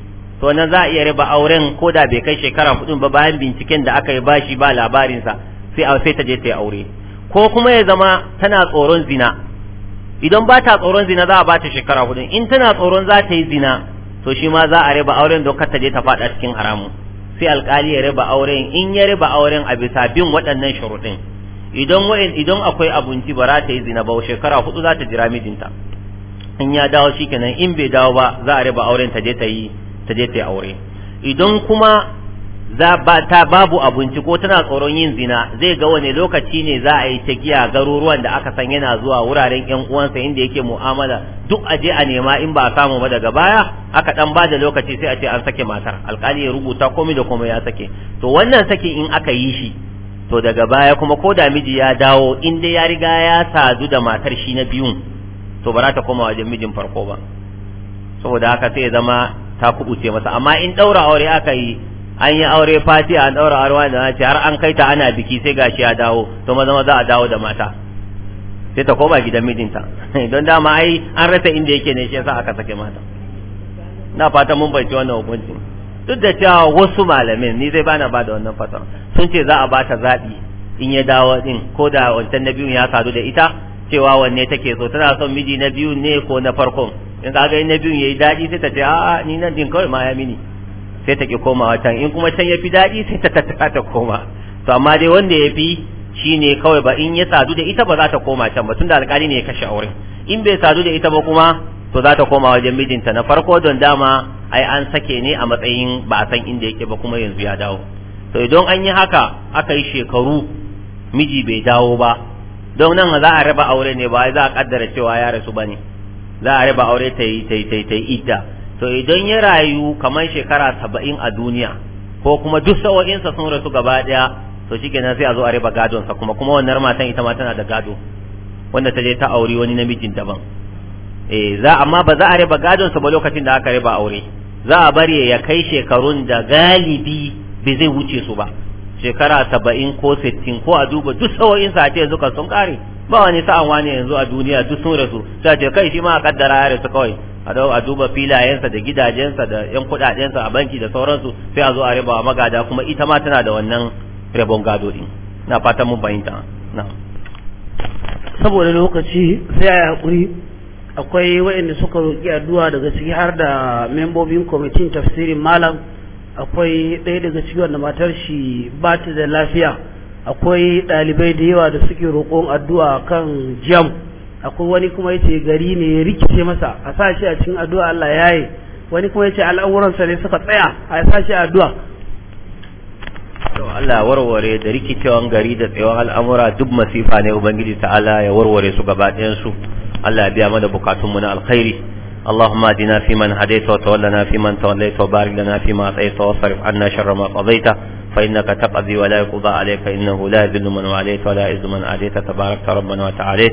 to nan za a iya raba auren ko da bai kai shekara hudun ba bayan binciken da aka yi bashi ba labarinsa sai a sai ta je ta yi aure ko kuma ya zama tana tsoron zina idan ba ta tsoron zina za a ba ta shekara hudun in tana tsoron za ta yi zina to shi ma za a raba auren don kar ta je ta faɗa cikin haramun sai alkali ya raba auren in ya raba auren a bisa bin waɗannan shuruɗin idan wa'in idan akwai abinci ba za ta yi zina ba shekara hudu za ta jira mijinta in ya dawo shikenan in bai dawo ba za a raba auren ta je ta yi ta je ta yi aure idan kuma za ba ta babu abinci ko tana tsoron yin zina zai ga wani lokaci ne za a yi ta giya garuruwan da aka san yana zuwa wuraren yan uwansa inda yake mu'amala duk a je a nema in ba a samu ba daga baya aka dan ba da lokaci sai a ce an sake matar alkali ya rubuta komai da komai ya sake to wannan sake in aka yi shi to daga baya kuma ko da miji ya dawo in dai ya riga ya sadu da matar shi na biyun to ba za ta koma wajen mijin farko ba saboda haka sai ya zama ta kubuce masa amma in daura aure aka yi an yi aure fati an daura arwa da ce har an kai ta ana biki sai gashi ya dawo to maza maza a dawo da mata sai ta koma gidan mijinta don dama ai an rasa inda yake ne shi yasa aka sake mata na fata mun bai wannan hukunci duk da cewa wasu malamin ni zai bana bada wannan fata sun ce za a ba ta zaɓi in ya dawo din ko da wancan na biyun ya sadu da ita cewa wanne take so tana son miji na biyun ne ko na farkon in in na biyun yayi daɗi sai ta ce a'a ni nan din kawai ma ya mini sai ta ki komawa can in kuma can ya fi daɗi sai ta tattaka ta koma to amma dai wanda ya fi shine kawai ba in ya sadu da ita ba za ta koma can ba tun da alƙali ne ya kashe aure in bai sadu da ita ba kuma to za ta koma wajen mijinta na farko don dama ai an sake ne a matsayin ba a san inda yake ba kuma yanzu ya dawo to idan an yi haka aka yi shekaru miji bai dawo ba don nan za a raba aure ne ba za a kaddara cewa ya rasu bane za a raba aure ta yi ta yi ta yi ita. to idan ya rayu kamar shekara saba'in a duniya ko kuma duk sa'o'insa sun rasu gaba daya to shi kenan sai a zo a riba gadonsa kuma kuma wannan matan ita ma tana da gado wanda ta je ta aure wani namijin daban E, za amma ba za a riba gadonsa ba lokacin da aka riba aure za a bari ya kai shekarun da galibi bai zai wuce su ba shekara saba'in ko sittin ko a duba duk sa'o'insa a ce yanzu kan sun kare ba wani sa'an wani yanzu a duniya duk sun rasu sai a ce kai shi ma a kaddara ya rasu kawai a dau a duba filayensa da gidajensa da yan kudadensa a banki da sauransu sai a zo a raba magada kuma ita ma tana da wannan rabon gado din na fatan mun fahimta na saboda lokaci sai a hakuri akwai wayanda suka roki addu'a daga ciki har da membobin kwamitin tafsirin malam akwai ɗaya daga ciki wanda matar shi ba ta da lafiya akwai ɗalibai da yawa da suke roƙon addu'a kan jam akwai wani kuma yace gari ne ya rikice masa a sa shi a cikin addu'a Allah yayi wani kuma yace al'awuransa ne suka tsaya a sa shi addu'a to Allah warware da rikicewan gari da tsayawan al'amura duk masifa ne ubangiji ta'ala ya warware su gaba ɗayan su Allah ya biya mana bukatun mu na alkhairi اللهم اهدنا فيمن هديت وتولنا فيمن توليت وبارك لنا فيما اعطيت واصرف عنا شر ما قضيت فانك تقضي ولا يقضى عليك انه لا يذل من واليت ولا يعز من عاديت تبارك ربنا وتعاليت